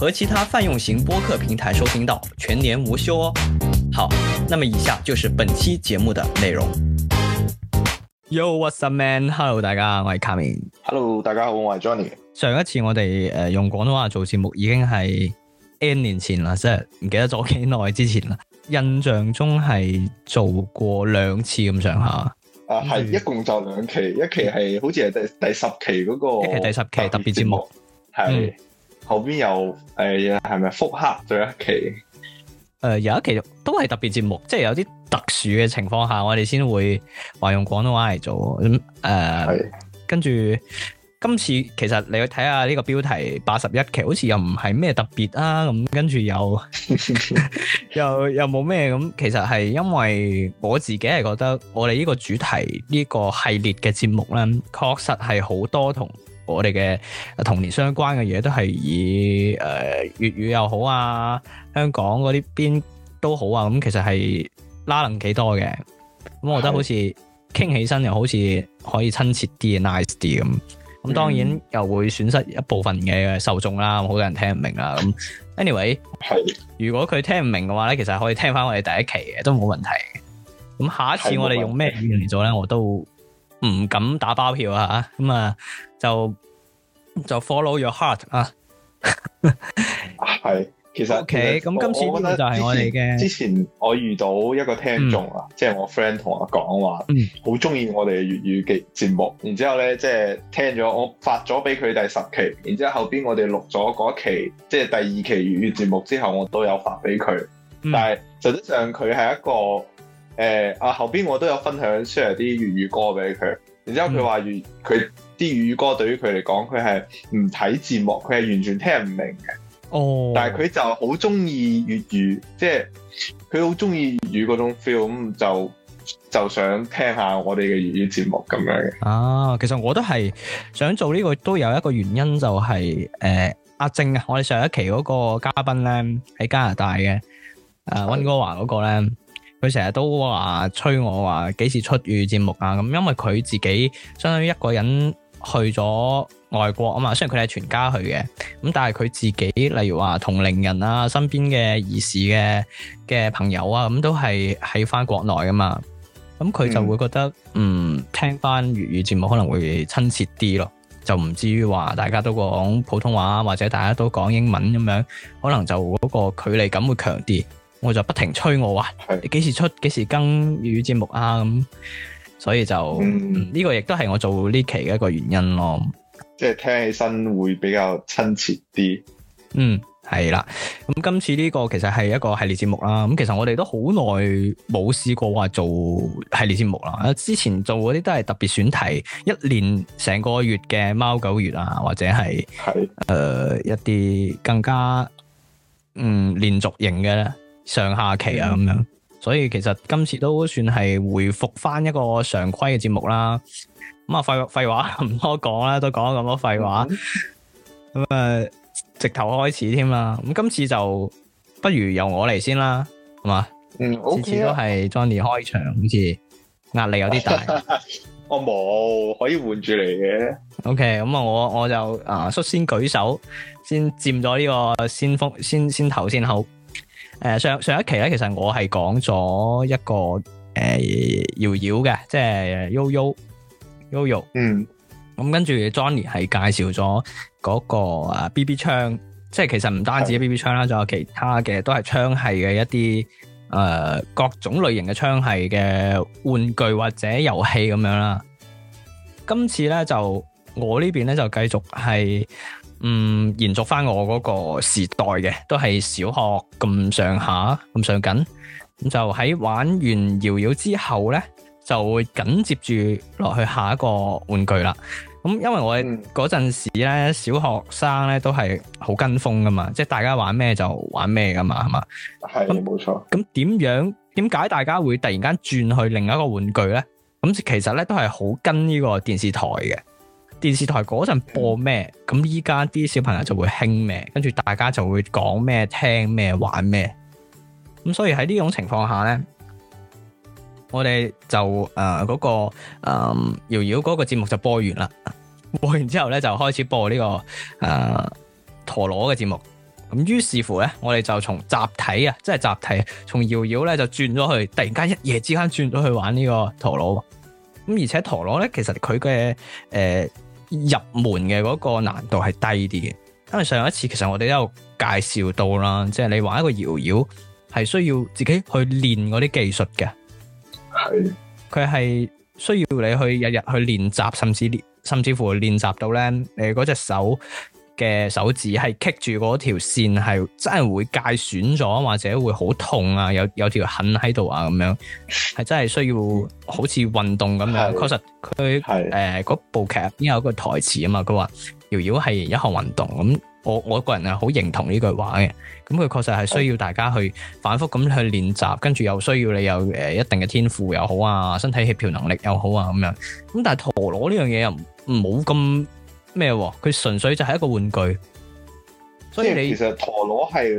和其他泛用型播客平台收聽到，全年無休哦。好，那麼以下就是本期節目的內容。Yo, what's up man? Hello，大家，我係卡明。Hello，大家好，我係 Johnny。上一次我哋誒、呃、用廣東話做節目已經係 N 年前啦，即係唔記得咗幾耐之前啦。印象中係做過兩次咁上下。啊、uh, 嗯，係一共就兩期，一期係、嗯、好似係第第十期嗰個一期第十期特別節目，係、嗯。後邊又誒，係咪復刻咗一期？誒、呃，有一期都係特別節目，即、就、係、是、有啲特殊嘅情況下，我哋先會話用廣東話嚟做咁。誒、呃，是跟住今次其實你去睇下呢個標題，八十一期，好似又唔係咩特別啊。咁跟住又 又又冇咩咁，其實係因為我自己係覺得我哋呢個主題呢、呢個系列嘅節目咧，確實係好多同。我哋嘅童年相關嘅嘢都係以誒、呃、粵語又好啊，香港嗰啲邊都好啊，咁其實係拉能幾多嘅，咁我覺得好似傾的起身又好似可以親切啲、nice 啲咁。咁、嗯、當然又會損失一部分嘅受眾啦，好多人聽唔明啦。咁 anyway，的如果佢聽唔明嘅話咧，其實可以聽翻我哋第一期嘅都冇問題。咁下一次我哋用咩語言嚟做咧，我都。唔敢打包票啊！咁啊，就就 follow your heart 啊！係， 其實 OK 其實。咁今次就係我哋嘅。之前我遇到一個聽眾啊，即係、嗯、我 friend 同我講話，好中意我哋粵語嘅節目。然之後咧，即係聽咗我發咗俾佢第十期，然之後後邊我哋錄咗嗰期，即係第二期粵語節目之後，我都有發俾佢。嗯、但係實質上佢係一個。誒啊！後邊我都有分享出嚟啲粵語歌俾佢，然之後佢話粵佢啲粵語歌對於佢嚟講，佢係唔睇字幕，佢係完全聽唔明嘅。哦，但係佢就好中意粵語，即係佢好中意粵語嗰種 feel，咁就就想聽下我哋嘅粵語節目咁樣嘅。啊，其實我都係想做呢、這個，都有一個原因、就是，就係誒阿正啊，我哋上一期嗰個嘉賓咧喺加拿大嘅，誒、呃、溫哥華嗰個咧。佢成日都話催我話幾時出粵語節目啊！咁因為佢自己相當於一個人去咗外國啊嘛，雖然佢哋係全家去嘅，咁但係佢自己例如話同齡人啊、身邊嘅兒時嘅嘅朋友啊，咁都係喺翻國內啊嘛，咁佢就會覺得嗯，嗯聽翻粵語節目可能會親切啲咯，就唔至於話大家都講普通話或者大家都講英文咁樣，可能就嗰個距離感會強啲。我就不停催我話，你幾時出，幾時更粵語節目啊咁，的所以就呢、嗯、個亦都係我做呢期嘅一個原因咯。即係聽起身會比較親切啲。嗯，係啦。咁今次呢個其實係一個系列節目啦。咁其實我哋都好耐冇試過話做系列節目啦。之前做嗰啲都係特別選題，一年成個月嘅貓狗月啊，或者係，係的，誒、呃，一啲更加嗯連續型嘅。上下期啊，咁、mm hmm. 樣，所以其實今次都算係回復翻一個常規嘅節目啦。咁、嗯、啊，廢廢話唔多講、mm hmm. 嗯、啦，都講咗咁多廢話。咁啊，直頭開始添啦。咁今次就不如由我嚟先啦，係嘛、mm？嗯，次次都係 Johnny 開場，好似壓力有啲大。 okay, 嗯、我冇可以換住嚟嘅。OK，咁啊，我我就啊率先舉手，先佔咗呢個先鋒，先先頭先好。誒，上上一期咧，其實我係講咗一個誒，搖搖嘅，即係悠悠，悠悠。嗯。咁跟住，Johnny 係介紹咗嗰個誒，B B 槍，即係其實唔單止 B B 槍啦，仲、嗯、有其他嘅都係槍械嘅一啲誒、呃，各種類型嘅槍械嘅玩具或者遊戲咁樣啦。今次咧，就我呢邊咧，就繼續係。嗯，延續翻我嗰個時代嘅，都係小學咁上下咁上緊，咁、啊、就喺玩完搖搖之後咧，就會緊接住落去下一個玩具啦。咁因為我嗰陣時咧，嗯、小學生咧都係好跟風噶嘛，即係大家玩咩就玩咩噶嘛，係嘛的？係冇錯。咁點樣？點解大家會突然間轉去另一個玩具咧？咁其實咧都係好跟呢個電視台嘅。電視台嗰陣播咩，咁依家啲小朋友就會興咩，跟住大家就會講咩、聽咩、玩咩，咁所以喺呢種情況下咧，我哋就誒嗰、呃那個誒瑤瑤嗰個節目就播完啦，播完之後咧就開始播呢、這個誒、呃、陀螺嘅節目。咁於是乎咧，我哋就從集體啊，即係集體，從瑤瑤咧就轉咗去，突然間一夜之間轉咗去玩呢個陀螺。咁而且陀螺咧，其實佢嘅誒。呃入門嘅嗰個難度係低啲嘅，因為上一次其實我哋都有介紹到啦，即係你玩一個搖搖係需要自己去練嗰啲技術嘅，係佢係需要你去日日去練習，甚至甚至乎練習到咧，誒你嗰隻手。嘅手指係棘住嗰條線，係真係會界損咗，或者會好痛啊，有有條痕喺度啊，咁樣係真係需要好似運動咁樣。嗯、確實佢誒嗰部劇邊有個台詞啊嘛，佢話瑤瑤係一項運動咁，我我個人係好認同呢句話嘅。咁佢確實係需要大家去反覆咁去練習，跟住、嗯、又需要你有誒一定嘅天賦又好啊，身體協調能力又好啊，咁樣。咁但係陀螺呢樣嘢又冇咁咩？佢純粹就係一個玩具。所以你其實陀螺係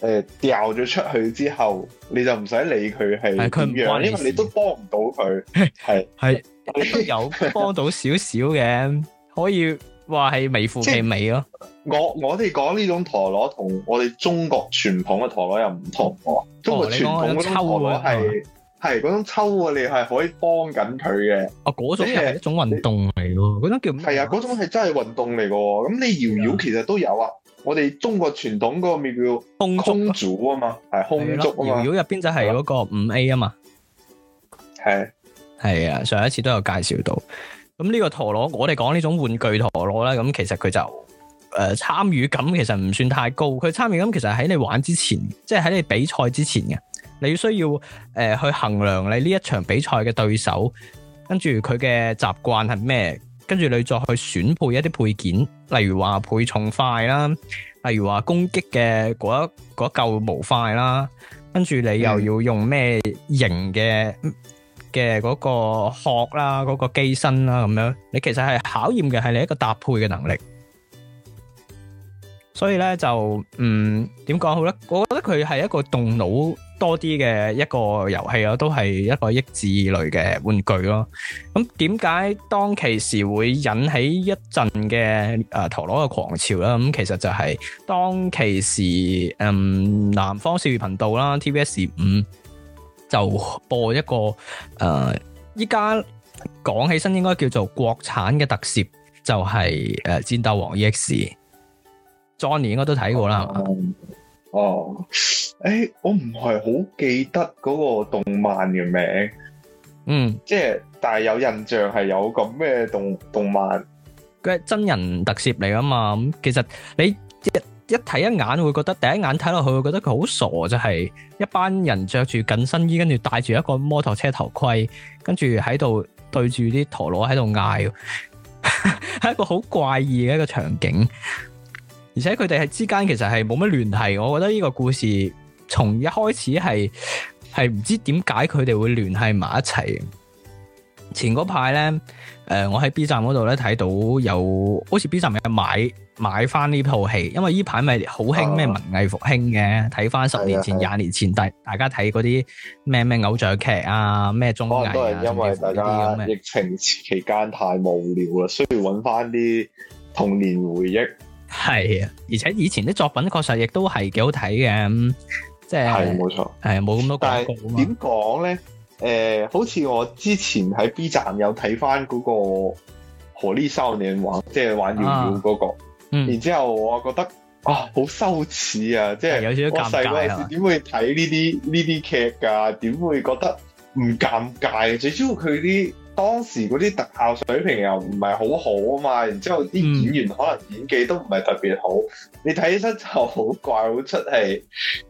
你誒掉咗出去之後，你就唔使理佢係點樣，因為你都幫唔到佢。係係，有幫到少少嘅，可以話係微乎其微咯。我我哋講呢種陀螺同我哋中國傳統嘅陀螺又唔同，中國傳統嗰種陀螺係。哦係嗰種抽啊，你係可以幫緊佢嘅。哦，嗰種係一種運動嚟咯，嗰你種叫係啊，嗰種係真係運動嚟噶。咁你搖搖其實都有啊。我哋中國傳統嗰個叫做空竹組啊嘛，係空竹搖搖入邊就係嗰個五 A 啊嘛。係係啊，上一次都有介紹到。咁呢個陀螺，我哋講呢種玩具陀螺咧，咁其實佢就誒參與感其實唔算太高。佢參與感其實喺你玩之前，即係喺你比賽之前嘅。你需要誒去衡量你呢一場比賽嘅對手，跟住佢嘅習慣係咩？跟住你再去選配一啲配件，例如話配重塊啦，例如話攻擊嘅嗰一嗰一嚿毛塊啦，跟住你又要用咩型嘅嘅嗰個殼啦，嗰個機身啦，咁樣你其實係考驗嘅係你一個搭配嘅能力。所以咧就嗯，點講好咧？我覺得佢係一個動腦多啲嘅一個遊戲都係一個益智類嘅玩具咯。咁點解當其時會引起一陣嘅誒陀螺嘅狂潮啦？咁、嗯、其實就係當其時，嗯，南方少兒頻道啦，TVS 五就播一個誒，依家講起身應該叫做國產嘅特攝，就係、是、誒戰鬥王 EX。Johnny 應該都睇過啦，係嘛、哦？哦，誒、欸，我唔係好記得嗰個動漫嘅名。嗯，即係，但係有印象係有個咩動動漫佢係真人特攝嚟噶嘛？咁其實你一一睇一眼會覺得，第一眼睇落去會覺得佢好傻，就係、是、一班人着住緊身衣，跟住戴住一個摩托車頭盔，跟住喺度對住啲陀螺喺度嗌，係 一個好怪異嘅一個場景。而且佢哋係之間其實係冇乜聯繫，我覺得呢個故事從一開始係係唔知點解佢哋會聯繫埋一齊。前嗰排咧，誒、呃，我喺 B 站嗰度咧睇到有，好似 B 站有買買翻呢套戲，因為呢排咪好興咩文藝復興嘅，睇翻十年前、廿年前大大家睇嗰啲咩咩偶像劇啊，咩綜藝啊，因為大家疫情期間太無聊啦，需要揾翻啲童年回憶。係啊，而且以前啲作品確實亦都係幾好睇嘅，即係係冇錯，係冇咁多廣告啊嘛。點講咧？誒、呃，好似我之前喺 B 站有睇翻嗰個荷里少年玩，即、就、係、是、玩搖搖嗰個，啊嗯、然之後我覺得啊，好羞恥啊！啊即係我細個時點會睇呢啲呢啲劇噶？點、啊、會覺得唔尷尬？最主要佢啲。當時嗰啲特效水平又唔係好好啊嘛，然之後啲演員可能演技都唔係特別好，嗯、你睇起身就好怪好出戲，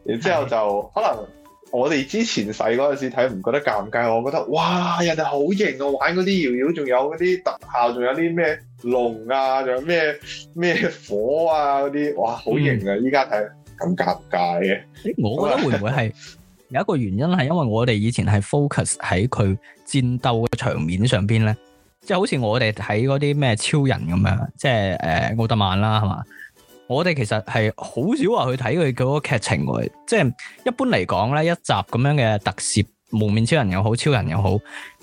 然之後就的可能我哋之前細嗰陣時睇唔覺得尷尬，我覺得哇人哋好型啊，玩嗰啲搖搖，仲有嗰啲特效，仲有啲咩龍啊，仲有咩咩火啊嗰啲，哇好型啊！依家睇咁尷尬嘅，我覺得會唔會係？ 有一個原因係因為我哋以前係 focus 喺佢戰鬥嘅場面上邊咧，即係好似我哋睇嗰啲咩超人咁樣，即係誒奧特曼啦，係嘛？我哋其實係好少話去睇佢嗰個劇情嘅，即係一般嚟講咧一集咁樣嘅特攝，蒙面超人又好，超人又好，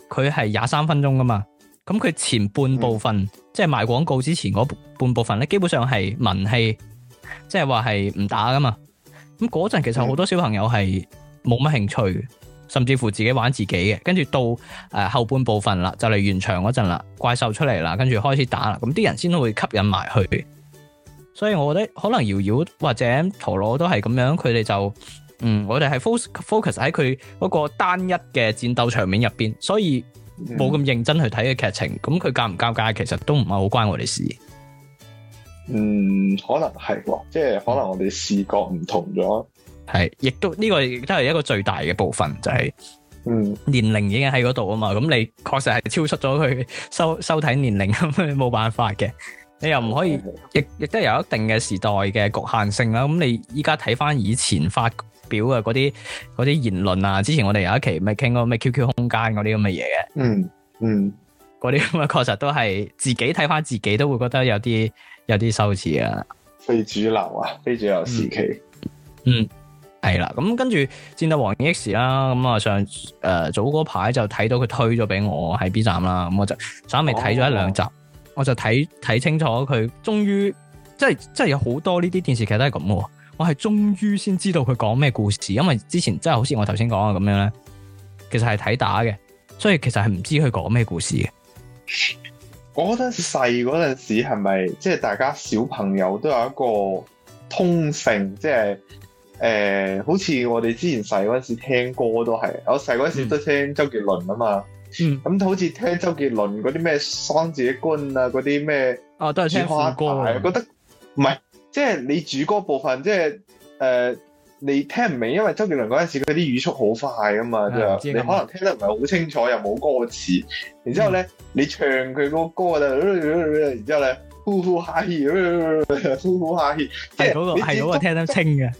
佢係廿三分鐘噶嘛，咁佢前半部分、嗯、即係賣廣告之前嗰半部分咧，基本上係文戲，即係話係唔打噶嘛。咁嗰陣其實好多小朋友係冇乜興趣，甚至乎自己玩自己嘅，跟住到誒、呃、後半部分啦，就嚟完場嗰陣啦，怪獸出嚟啦，跟住開始打啦，咁啲人先會吸引埋去。所以我覺得可能搖搖或者陀螺都係咁樣，佢哋就嗯，我哋係 focus focus 喺佢嗰個單一嘅戰鬥場面入邊，所以冇咁認真去睇嘅劇情。咁佢、嗯、交唔交界，其實都唔係好關我哋事。嗯，可能係喎，即、就、係、是、可能我哋視覺唔同咗。係，亦都呢、呢個亦都係一個最大嘅部分，就係，嗯，年齡已經喺嗰度啊嘛，咁、嗯、你確實係超出咗佢收收睇年齡，咁冇辦法嘅，你又唔可以，嗯、亦亦都有一定嘅時代嘅局限性啦。咁你依家睇翻以前發表嘅嗰啲啲言論啊，之前我哋有一期咪傾過咩 QQ 空間嗰啲咁嘅嘢嘅，嗯嗯，嗰啲咁啊，確實都係自己睇翻自己都會覺得有啲有啲羞恥啊，非主流啊，非主流時期，嗯。嗯係啦，咁跟住《戰鬥王 X》啦、呃，咁啊上誒早嗰排就睇到佢推咗俾我喺 B 站啦，咁我就稍微睇咗一兩集，哦、我就睇睇清楚佢，終於即係即係有好多呢啲電視劇都係咁嘅，我係終於先知道佢講咩故事，因為之前真係好似我頭先講嘅咁樣咧，其實係睇打嘅，所以其實係唔知佢講咩故事嘅。我覺得細嗰陣時係咪即係大家小朋友都有一個通性，即係。誒、嗯，好似我哋之前細嗰陣時聽歌都係，我細嗰陣時都聽周杰倫啊嘛。咁、嗯嗯、好似聽周杰倫嗰啲咩雙截棍啊，嗰啲咩啊，都係聽歌。係啊，覺得唔係，即係、就是、你主歌部分，即係誒你聽唔明，因為周杰倫嗰陣時佢啲語速好快啊嘛，啊你可能聽得唔係好清楚，又冇歌詞。然之後咧，嗯、你唱佢嗰歌就、呃、然之後咧呼呼哈氣、呃、呼呼哈氣。係、就、嗰、是那個係嗰個聽得清嘅。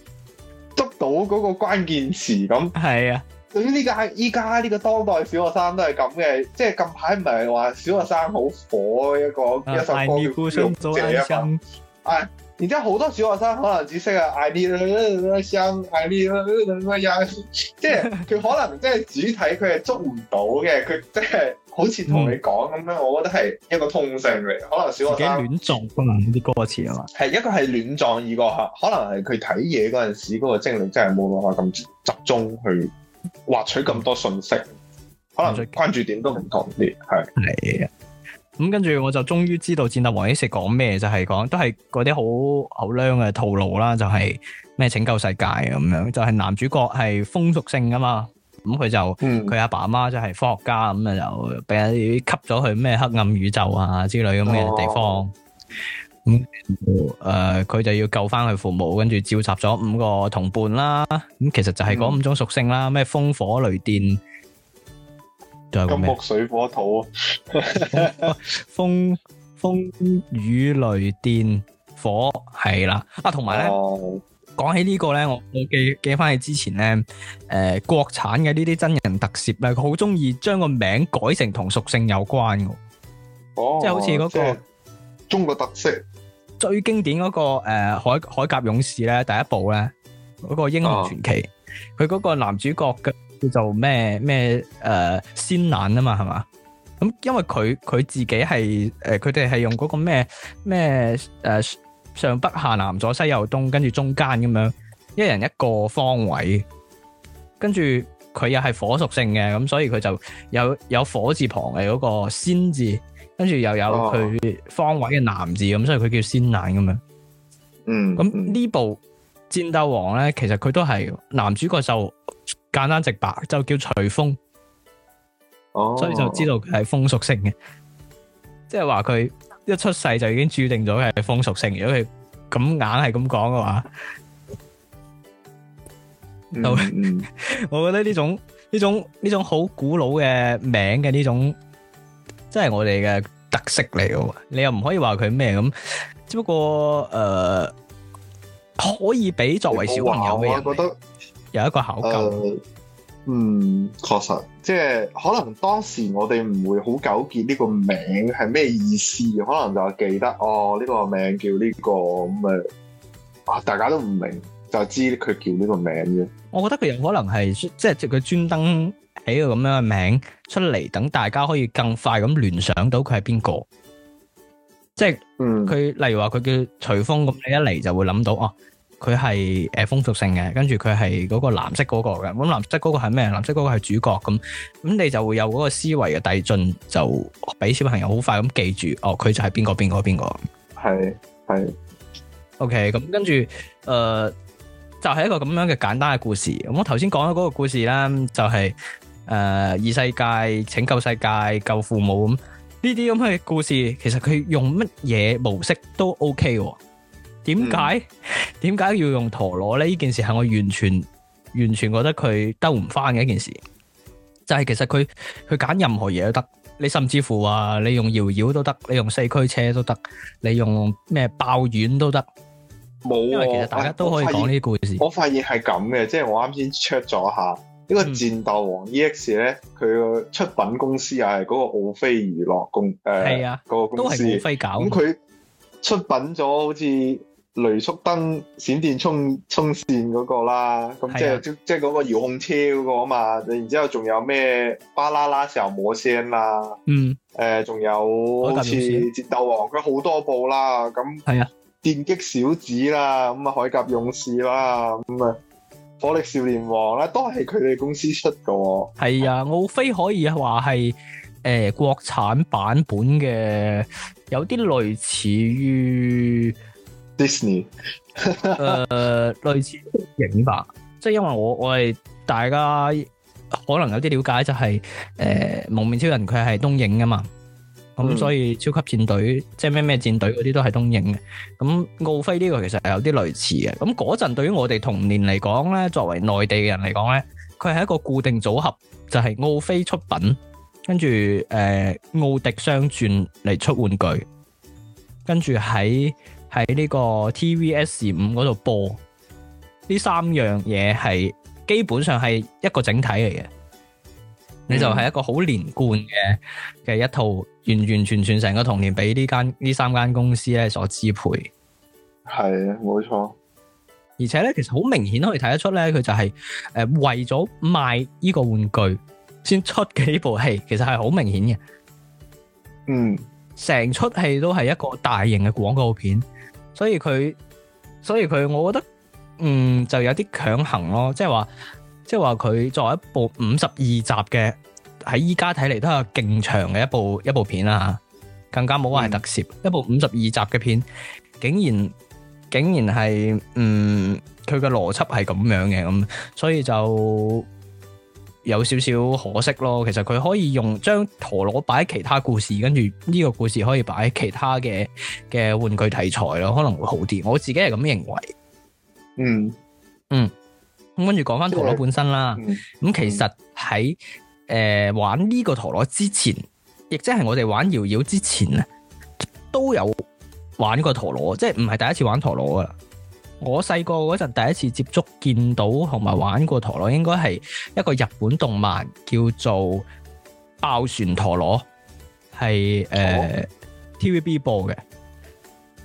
捉到嗰個關鍵詞咁，係啊！對於呢個係依家呢個當代小學生都係咁嘅，即係近排唔係話小學生好火一個、uh, 一首歌叫《愛你孤身走暗巷》啊！然之後好多小學生可能只識啊《愛你孤身走暗巷》，即係佢可能即係主體佢係捉唔到嘅，佢即係。好似同你講咁樣，嗯、我覺得係一個通性嚟，可能小學生亂撞，可能啲歌詞啊嘛。係一個係亂撞，二個可能係佢睇嘢嗰陣時嗰個精力真係冇辦法咁集中去獲取咁多信息，可能關注點都唔同啲。係係。咁跟住我就終於知道戰鬥王一石講咩，就係、是、講都係嗰啲好好靚嘅套路啦，就係、是、咩拯救世界咁樣，就係、是、男主角係風屬性啊嘛。咁佢就佢阿爸阿媽就係科學家咁啊，就俾吸咗去咩黑暗宇宙啊之類咁嘅地方。咁誒、哦，佢、嗯呃、就要救翻佢父母，跟住召集咗五個同伴啦。咁其實就係嗰五種屬性啦，咩、嗯、風火雷電，仲有個咩？金木水火土， 風風雨雷電火係啦。啊，同埋咧。哦講起這個呢個咧，我我記記翻起之前咧，誒、呃，國產嘅呢啲真人特攝咧，佢好中意將個名改成同屬性有關嘅，哦，即係好似嗰個中國特色最經典嗰，那個誒、呃、海海甲勇士咧，第一部咧嗰，那個英雄傳奇，佢嗰，哦、個男主角嘅叫做咩咩誒仙懶啊嘛，係嘛？咁、嗯、因為佢佢自己係誒，佢哋係用嗰個咩咩誒。上北下南左西右東，跟住中間咁樣，一人一個方位，跟住佢又係火屬性嘅，咁所以佢就有有火字旁嘅嗰個仙字，跟住又有佢方位嘅南字，咁、哦、所以佢叫仙南咁樣。嗯，咁呢部戰鬥王咧，其實佢都係男主角，就簡單直白，就叫隨風，所以就知道佢係風屬性嘅，即係話佢。一出世就已經註定咗係風俗性，如果佢咁硬係咁講嘅話，就我覺得呢種呢種呢種好古老嘅名嘅呢種，即係我哋嘅特色嚟嘅喎。你又唔可以話佢咩咁，只不過誒可以俾作為小朋友嘅覺得有一個考究。嗯，確實，即係可能當時我哋唔會好糾結呢個名係咩意思，可能就記得哦，呢個名叫呢個咁，誒，啊大家都唔明，就知佢叫呢個名啫。我覺得佢有可能係即係佢專登起個咁樣嘅名出嚟，等大家可以更快咁聯想到佢係邊個。即係佢、嗯、例如話佢叫隨風咁，你一嚟就會諗到哦。啊佢係誒風屬性嘅，跟住佢係嗰個藍色嗰個嘅。咁藍色嗰個係咩？藍色嗰個係主角咁，咁你就會有嗰個思維嘅遞進，就俾小朋友好快咁記住，哦，佢就係邊個邊個邊個。係係，OK，咁跟住誒，就係、是、一個咁樣嘅簡單嘅故事。咁我頭先講嘅嗰個故事啦，就係誒異世界拯救世界救父母咁呢啲咁嘅故事，其實佢用乜嘢模式都 OK。點解？點解要用陀螺咧？呢件事係我完全完全覺得佢兜唔翻嘅一件事，就係其實佢佢揀任何嘢都得，你甚至乎話你用搖搖都得，你用四驅車都得，你用咩爆丸都得。冇、哦，其實大家都可以講呢故事。我發現係咁嘅，即、就、係、是、我啱先 check 咗下呢、這個戰鬥王 E X 咧，佢、嗯、出品公司又係嗰個奧飛娛樂公誒，係、呃、啊，嗰個公司咁佢、嗯、出品咗好似。雷速登閃電衝衝線嗰個啦，咁即係、啊、即即係嗰個遙控車嗰個啊嘛，然之後仲有咩巴啦啦小魔仙啦，嗯，誒仲、呃、有好似戰鬥王，佢好多部啦，咁啊，電擊小子啦，咁啊鎧甲勇士啦，咁啊火力少年王咧都係佢哋公司出嘅喎。係啊，奧飛、嗯、可以話係誒國產版本嘅，有啲類似於。Disney，誒、 呃、類似東映吧，即係因為我我哋大家可能有啲了解、就是，就係誒蒙面超人佢係東映噶嘛，咁、嗯、所以超級戰隊即係咩咩戰隊嗰啲都係東映嘅。咁奧飛呢個其實係有啲類似嘅。咁嗰陣對於我哋童年嚟講咧，作為內地嘅人嚟講咧，佢係一個固定組合，就係、是、奧飛出品，跟住誒奧迪雙鑽嚟出玩具，跟住喺喺呢個 TVS 五嗰度播，呢三樣嘢係基本上係一個整體嚟嘅，你、嗯、就係一個好連貫嘅嘅一套，完完全全成個童年俾呢間呢三間公司咧所支配。係啊冇錯，錯而且咧其實好明顯可以睇得出咧，佢就係誒為咗賣呢個玩具先出幾部戲，其實係好明顯嘅。嗯，成出戲都係一個大型嘅廣告片。所以佢，所以佢，我覺得，嗯，就有啲強行咯，即係話，即係話佢作為一部五十二集嘅，喺依家睇嚟都係勁長嘅一部一部片啦，更加冇話係特攝，嗯、一部五十二集嘅片，竟然竟然係，嗯，佢嘅邏輯係咁樣嘅咁，所以就。有少少可惜咯，其實佢可以用將陀螺擺喺其他故事，跟住呢個故事可以擺喺其他嘅嘅玩具題材咯，可能會好啲。我自己係咁認為。嗯嗯，咁跟住講翻陀螺本身啦。咁、嗯嗯、其實喺誒、呃、玩呢個陀螺之前，亦即係我哋玩搖搖之前啊，都有玩過陀螺，即係唔係第一次玩陀螺噶啦我細個嗰陣第一次接觸見到同埋玩過陀螺，應該係一個日本動漫叫做《爆旋陀螺》，係誒 TVB 播嘅。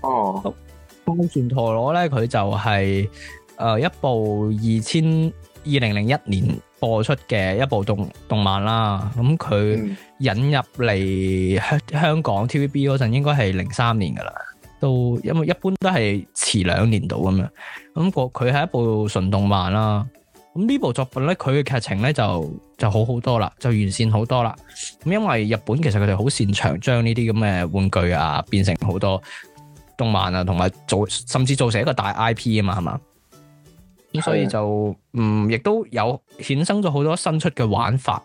呃、哦，哦《爆旋陀螺》咧，佢就係、是、誒、呃、一部二千二零零一年播出嘅一部動動漫啦。咁、嗯、佢引入嚟香香港 TVB 嗰陣，應該係零三年噶啦。都，因為一般都係遲兩年到咁樣。咁個佢係一部純動漫啦。咁呢部作品咧，佢嘅劇情咧就就好好多啦，就完善好多啦。咁因為日本其實佢哋好擅長將呢啲咁嘅玩具啊變成好多動漫啊，同埋做甚至做成一個大 IP 啊嘛，係嘛？咁的所以就嗯，亦都有衍生咗好多新出嘅玩法。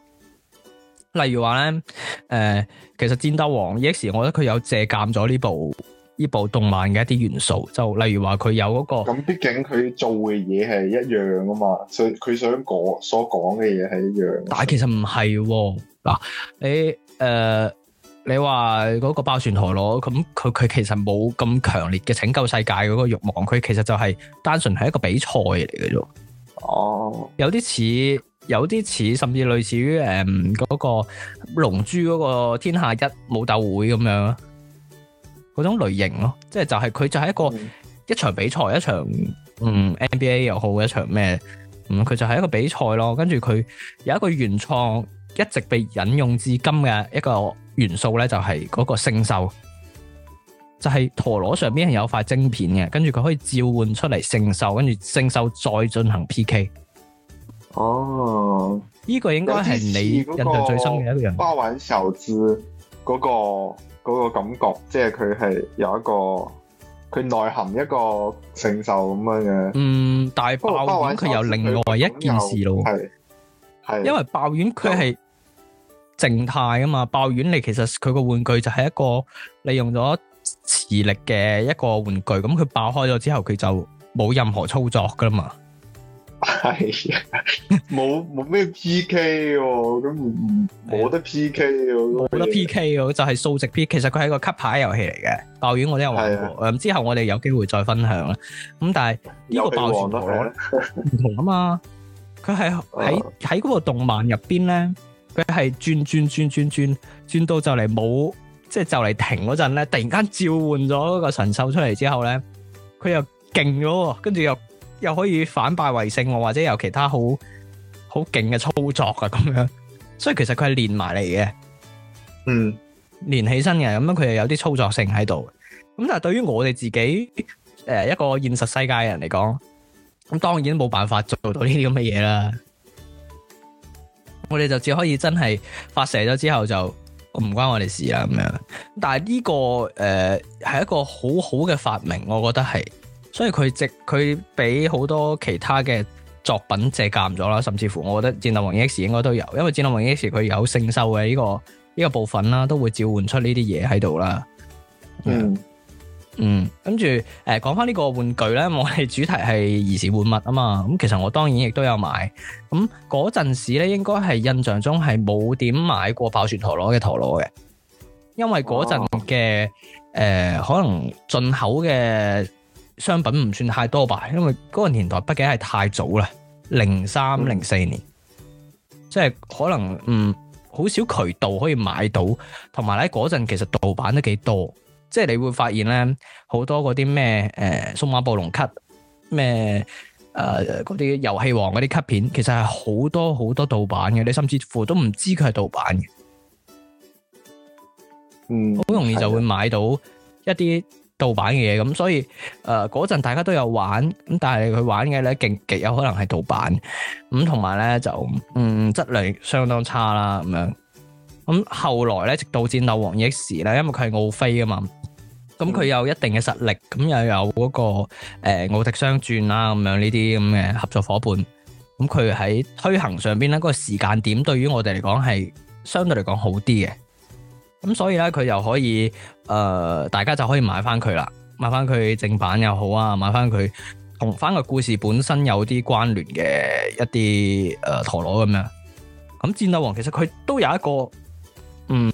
嗯、例如話咧，誒、呃，其實戰鬥王 X，我覺得佢有借鑑咗呢部。呢部動漫嘅一啲元素，就例如話佢有嗰個，咁畢竟佢做嘅嘢係一樣啊嘛，所以佢想講所講嘅嘢係一樣的。但係其實唔係喎，嗱你誒、呃、你話嗰個爆旋陀螺咯，咁佢佢其實冇咁強烈嘅拯救世界嗰個慾望，佢其實就係單純係一個比賽嚟嘅啫。哦、啊，有啲似有啲似，甚至類似於誒嗰個龍珠嗰個天下一武鬥會咁樣。嗰種類型咯，即係就係佢就係一個一場比賽、嗯嗯，一場嗯 NBA 又好一場咩，咁佢就係一個比賽咯。跟住佢有一個原創，一直被引用至今嘅一個元素咧，就係嗰個聖獸，就係陀螺上面係有塊晶片嘅，跟住佢可以召喚出嚟聖獸，跟住聖獸再進行 P K。哦、啊，呢個應該係你印象最深嘅一個人，花玩、啊、小子嗰、那個。嗰個感覺，即係佢係有一個佢內含一個成就咁樣嘅。嗯，但係爆丸佢有另外一件事咯。係，因為爆丸佢係靜態啊嘛，爆丸你其實佢個玩具就係一個利用咗磁力嘅一個玩具，咁佢爆開咗之後，佢就冇任何操作噶啦嘛。係，冇冇咩 P K 喎、哦，咁冇、啊、得 P K 喎、哦，冇、啊、得 P K 喎，就係、是、數值 P。其實佢係一個卡牌遊戲嚟嘅，爆丸我都有玩過，咁、啊、之後我哋有機會再分享啦。咁但係呢個爆丸唔 同啊嘛，佢係喺喺嗰個動漫入邊咧，佢係轉轉轉轉轉，轉到就嚟冇，即係就嚟、是、停嗰陣咧，突然間召喚咗嗰個神獸出嚟之後咧，佢又勁咗，跟住又。又可以反敗為勝，或者有其他好好勁嘅操作啊！咁樣，所以其實佢係連埋嚟嘅，嗯，連起身嘅，咁樣佢又有啲操作性喺度。咁但係對於我哋自己，誒，呃，一個現實世界嘅人嚟講，咁當然冇辦法做到呢啲咁嘅嘢啦。我哋就只可以真係發射咗之後就唔關我哋事啊！咁樣，但係呢個誒係，呃，一個很好好嘅發明，我覺得係。所以佢值佢俾好多其他嘅作品借鑒咗啦，甚至乎我覺得《戰鬥王 X》應該都有，因為《戰鬥王 X、這個》佢有聖獸嘅呢個呢個部分啦，都會召喚出呢啲嘢喺度啦。嗯，嗯，跟住誒，講翻呢個玩具咧，我哋主題係兒時玩物啊嘛。咁其實我當然亦都有買，咁嗰陣時咧，應該係印象中係冇點買過爆旋陀螺嘅陀螺嘅，因為嗰陣嘅誒可能進口嘅。商品唔算太多吧，因為嗰個年代畢竟係太早啦，零三零四年，即係可能唔好少渠道可以買到，同埋咧，嗰陣其實盜版都幾多，即係你會發現咧好多嗰啲咩誒數碼暴龍卡咩誒嗰啲遊戲王嗰啲卡片，其實係好多好多盜版嘅，你甚至乎都唔知佢係盜版嘅，嗯，好容易就會買到一啲。盜版嘅嘢咁，所以誒嗰陣大家都有玩，咁但係佢玩嘅咧，極極有可能係盜版，咁同埋咧就嗯質量相當差啦，咁樣。咁後來咧，直到戰鬥王 EX 咧，因為佢係奧飛啊嘛，咁佢有一定嘅實力，咁又有嗰、那個誒奧、呃、迪雙鑽啦，咁樣呢啲咁嘅合作伙伴，咁佢喺推行上邊咧，嗰、那個時間點對於我哋嚟講係相對嚟講好啲嘅。咁所以咧，佢又可以，誒、呃，大家就可以買翻佢啦，買翻佢正版又好啊，買翻佢同翻個故事本身有啲關聯嘅一啲誒、呃、陀螺咁樣。咁《戰鬥王》其實佢都有一個嗯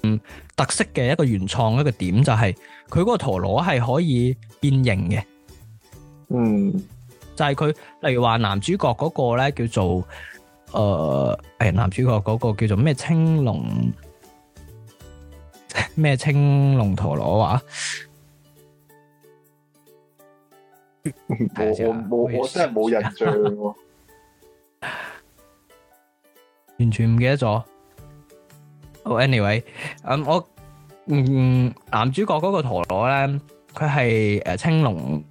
特色嘅一個原創一個點，就係佢嗰個陀螺係可以變形嘅。嗯，就係佢例如話男主角嗰個咧叫做，誒、呃哎，男主角嗰個叫做咩青龍。咩青龍陀螺啊？我我我真係冇印象喎，完全唔記得咗。好，anyway，嗯，我嗯男主角嗰個陀螺咧，佢係誒青龍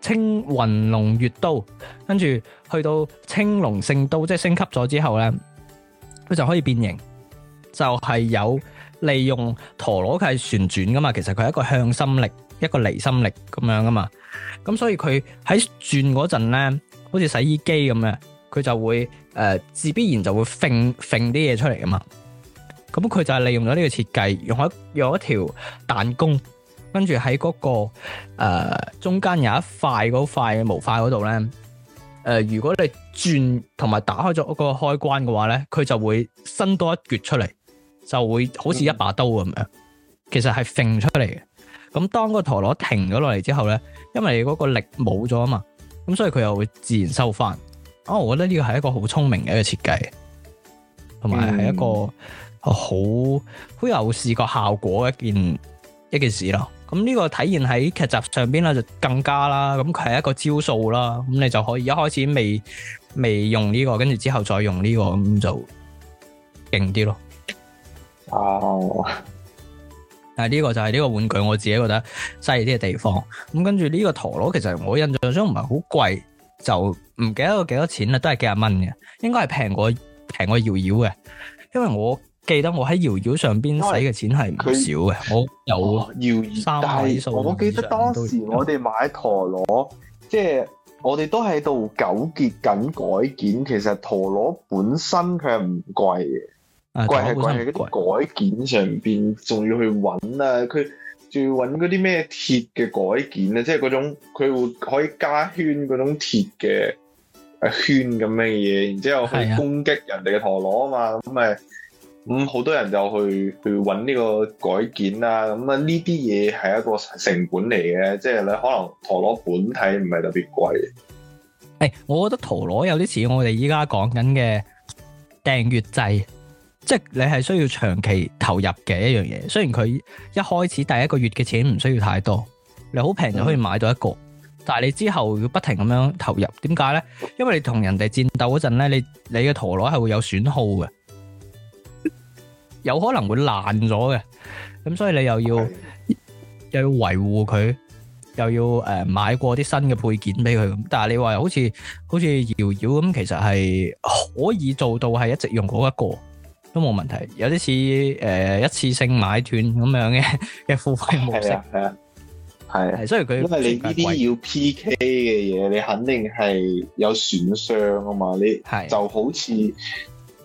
青雲龍月刀，跟住去到青龍聖刀，即係升級咗之後咧，佢就可以變形，就係有。利用陀螺佢係旋轉噶嘛，其實佢係一個向心力，一個離心力咁樣噶嘛。咁所以佢喺轉嗰陣咧，好似洗衣機咁樣，佢就會誒、呃、自必然就會揈揈啲嘢出嚟噶嘛。咁佢就係利用咗呢個設計，用一用一條彈弓，跟住喺嗰個誒、呃、中間有一塊嗰塊毛塊嗰度咧，誒、呃、如果你轉同埋打開咗嗰個開關嘅話咧，佢就會伸多一橛出嚟。就會好似一把刀咁樣，嗯、其實係揈出嚟嘅。咁當個陀螺停咗落嚟之後咧，因為嗰個力冇咗啊嘛，咁所以佢又會自然收翻。哦，我覺得呢個係一個好聰明嘅一個設計，同埋係一個好好、嗯、有視覺效果嘅一件一件事咯。咁呢個體現喺劇集上邊咧就更加啦。咁佢係一個招數啦，咁你就可以一開始未未用呢個，跟住之後再用呢個咁就勁啲咯。哦，oh. 但係呢個就係呢個玩具，我自己覺得犀利啲嘅地方。咁跟住呢個陀螺，其實我印象中唔係好貴，就唔記得咗幾多錢啦，都係幾十蚊嘅，應該係平過平過搖搖嘅。因為我記得我喺搖搖上邊使嘅錢係唔少嘅，我有搖搖，但我記得當時我哋買陀螺，即係、嗯、我哋都喺度糾結緊改件。其實陀螺本身佢係唔貴嘅。貴係貴，喺嗰啲改件上邊仲要去揾啊，佢仲要揾嗰啲咩鐵嘅改件啊，即係嗰種佢會可以加圈嗰種鐵嘅圈咁嘅嘢，然之後去攻擊人哋嘅陀螺啊嘛，咁咪咁好多人就去去揾呢個改件啦，咁啊呢啲嘢係一個成本嚟嘅，即係你可能陀螺本體唔係特別貴。誒，我覺得陀螺有啲似我哋依家講緊嘅訂閱制。即係你係需要長期投入嘅一樣嘢，雖然佢一開始第一個月嘅錢唔需要太多，你好平就可以買到一個，嗯、但係你之後要不停咁樣投入，點解咧？因為你同人哋戰鬥嗰陣咧，你你嘅陀螺係會有損耗嘅，有可能會爛咗嘅，咁所以你又要、嗯、又要維護佢，又要誒買過啲新嘅配件俾佢。但係你話好似好似瑤瑤咁，其實係可以做到係一直用嗰一個。都冇問題，有啲似誒一次性買斷咁樣嘅嘅付費模式，係啊，係係、啊，所以佢因為你呢啲要 PK 嘅嘢，你肯定係有損傷啊嘛，你係就好似、啊、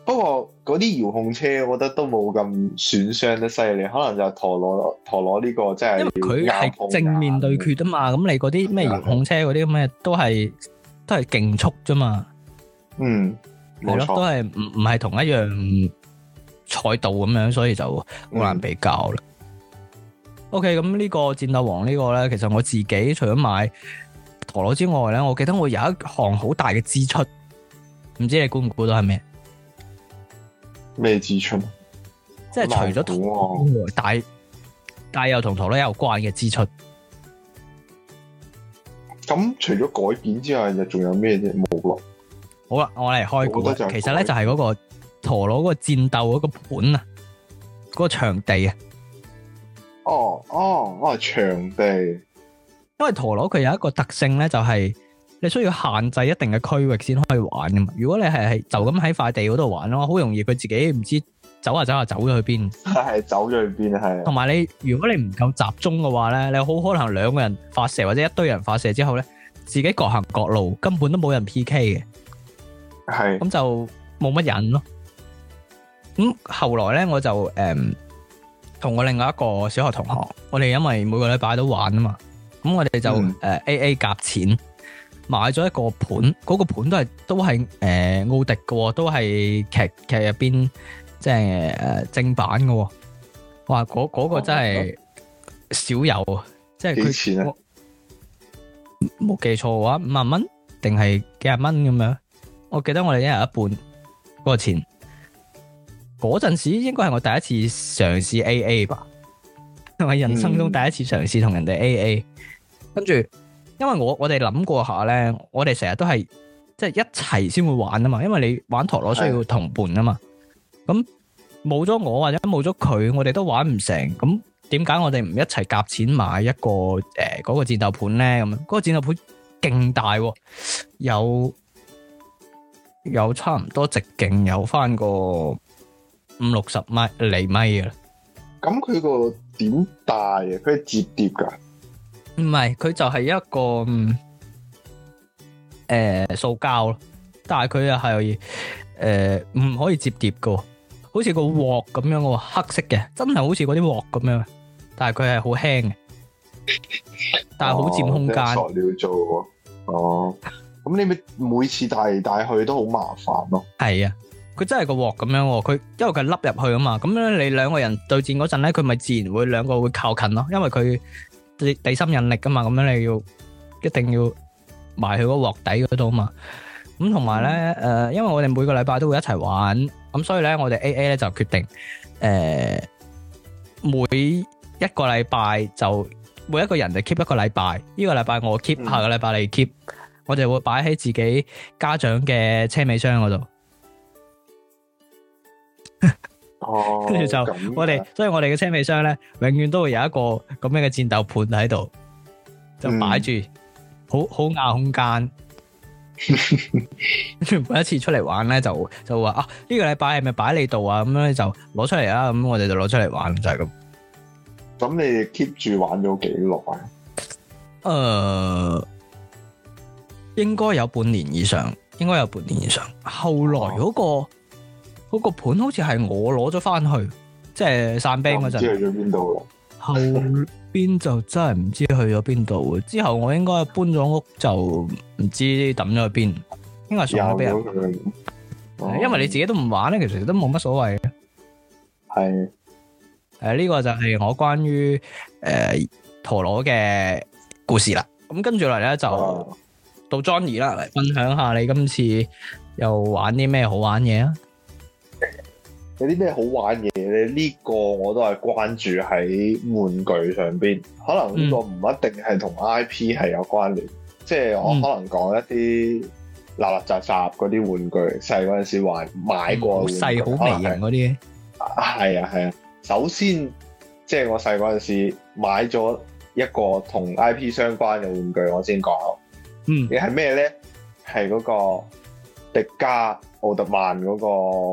不過嗰啲遙控車，我覺得都冇咁損傷得犀利，可能就係陀螺陀螺呢個真係佢係正面對決啊嘛，咁你嗰啲咩遙控車嗰啲咁嘅都係、啊、都係競速啫嘛，嗯，係咯，錯都係唔唔係同一樣。賽道咁樣，所以就好難比較啦。O K，咁呢個戰鬥王個呢個咧，其實我自己除咗買陀螺之外咧，我記得我有一項好大嘅支出，唔知你估唔估到係咩？咩支出？即係除咗大，但係又同陀螺有關嘅支出。咁除咗改變之外，又仲有咩啫？冇落。好啦，我嚟開估、就是那個，其實咧就係嗰個。陀螺嗰個戰鬥嗰個盤啊，嗰個場地啊、哦。哦哦哦，場地。因為陀螺佢有一個特性咧，就係你需要限制一定嘅區域先可以玩噶嘛。如果你係係就咁喺塊地嗰度玩咯，好容易佢自己唔知走下走下走咗去邊。係走咗去邊係。同埋你如果你唔夠集中嘅話咧，你好可能兩個人發射或者一堆人發射之後咧，自己各行各路，根本都冇人 P K 嘅。係。咁就冇乜人咯。咁後來咧，我就誒同、嗯、我另外一個小學同學，我哋因為每個禮拜都玩啊嘛，咁我哋就誒 A A 夾錢、嗯、買咗一個盤，嗰、那個盤都係都係誒奧迪嘅，都係劇劇入邊即係誒正版嘅，哇！嗰、那個真係、就是、少有，即係佢錢冇記錯嘅話五萬蚊定係幾十蚊咁樣？我記得我哋一人一半嗰、那個錢。嗰陣時應該係我第一次嘗試 A A 吧，同埋、嗯、人生中第一次嘗試同人哋 A A，跟住因為我我哋諗過下咧，我哋成日都係即係一齊先會玩啊嘛，因為你玩陀螺需要同伴啊嘛，咁冇咗我或者冇咗佢，我哋都玩唔成，咁點解我哋唔一齊夾錢買一個誒嗰、呃嗰個戰鬥盤咧？咁、那、嗰個戰鬥盤勁大、啊，有有差唔多直徑有翻個。五六十米厘米啊。咁佢個點大啊？佢係折疊噶？唔係，佢就係一個誒塑膠咯。但係佢又係誒唔可以折疊噶，好似個鑊咁樣，個黑色嘅，真係好似嗰啲鑊咁樣。但係佢係好輕嘅，但係好佔空間。材料做，哦，咁你咪每次帶嚟帶去都好麻煩咯。係啊。佢真係個鑊咁樣，佢因為佢凹入去啊嘛，咁樣你兩個人對戰嗰陣咧，佢咪自然會兩個會靠近咯，因為佢地心引力噶嘛，咁樣你要一定要埋去個鑊底嗰度啊嘛，咁同埋咧，誒，因為我哋每個禮拜都會一齊玩，咁所以咧，我哋 A A 咧就決定，誒，每一個禮拜就每一個人就 keep 一個禮拜，呢個禮拜我 keep，下個禮拜你 keep，我哋會擺喺自己家長嘅車尾箱嗰度。跟住就我哋，所以、哦、我哋嘅車尾箱咧，永遠都會有一個咁樣嘅戰鬥盤喺度，就擺住，嗯、好好硬空間。跟住每 一次出嚟玩咧，就就話啊呢、呢個禮拜係咪擺你度啊？咁咧就攞出嚟啊！咁、嗯、我哋就攞出嚟玩，就係、是、咁。咁你 keep 住玩咗幾耐？誒，uh, 應該有半年以上，應該有半年以上。後來嗰個、哦。嗰個盤好似係我攞咗翻去，即係散兵嗰陣，去咗邊度？後邊就真係唔知去咗邊度。之後我應該搬咗屋，就唔知抌咗去邊，應該係送咗俾人，oh. 因為你自己都唔玩咧，其實都冇乜所謂。係誒，呃，呢個就係我關於誒、呃、陀螺嘅故事啦。咁跟住嚟咧，就到 Johnny 啦，嚟分享下你今次又玩啲咩好玩嘢啊！有啲咩好玩嘢咧？呢、這個我都係關注喺玩具上邊，可能呢個唔一定係同 I P 係有關聯，嗯、即係我可能講一啲垃垃雜雜嗰啲玩具，細嗰陣時玩買過細好、嗯、微型嗰啲，係些啊係啊，啊。首先，即、就、係、是、我細嗰陣時買咗一個同 I P 相關嘅玩具，我先講。嗯，你係咩咧？係嗰個迪迦奧特曼嗰、那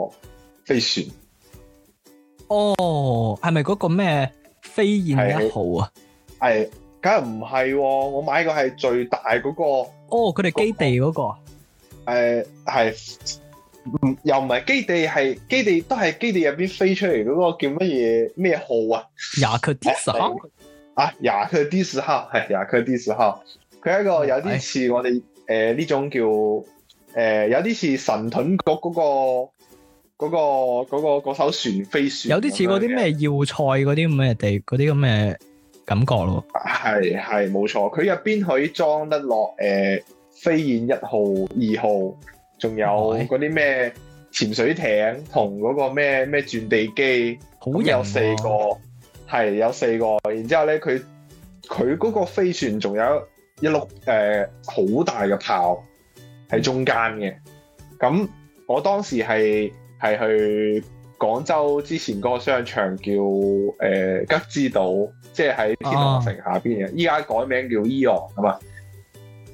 個。飛船哦，係咪嗰個咩飛燕一號啊？係，梗係唔係，我買個係最大嗰、那個。哦，佢哋基地嗰、那、啊、個，誒、那個，係、呃，又唔係基地，係基地都係基地入邊飛出嚟嗰個叫乜嘢咩號啊？亞特迪斯號啊，亞特迪斯號？係亞特迪斯號。佢係一個有啲似我哋誒呢種叫誒、呃、有啲似神盾局嗰、那個。嗰個嗰個嗰艘船飛船，有啲似嗰啲咩要塞嗰啲咁嘅地嗰啲咁嘅感覺咯。係係冇錯，佢入邊可以裝得落誒、呃、飛燕一號、二號，仲有嗰啲咩潛水艇同嗰個咩咩轉地機，好有，啊，有四個，係有四個。然之後咧，佢佢嗰個飛船仲有一碌誒好大嘅炮喺中間嘅。咁我當時係。係去廣州之前嗰個商場叫、呃、吉之島，即係喺天河城下邊嘅。依家、oh. 改名叫伊昂啊嘛。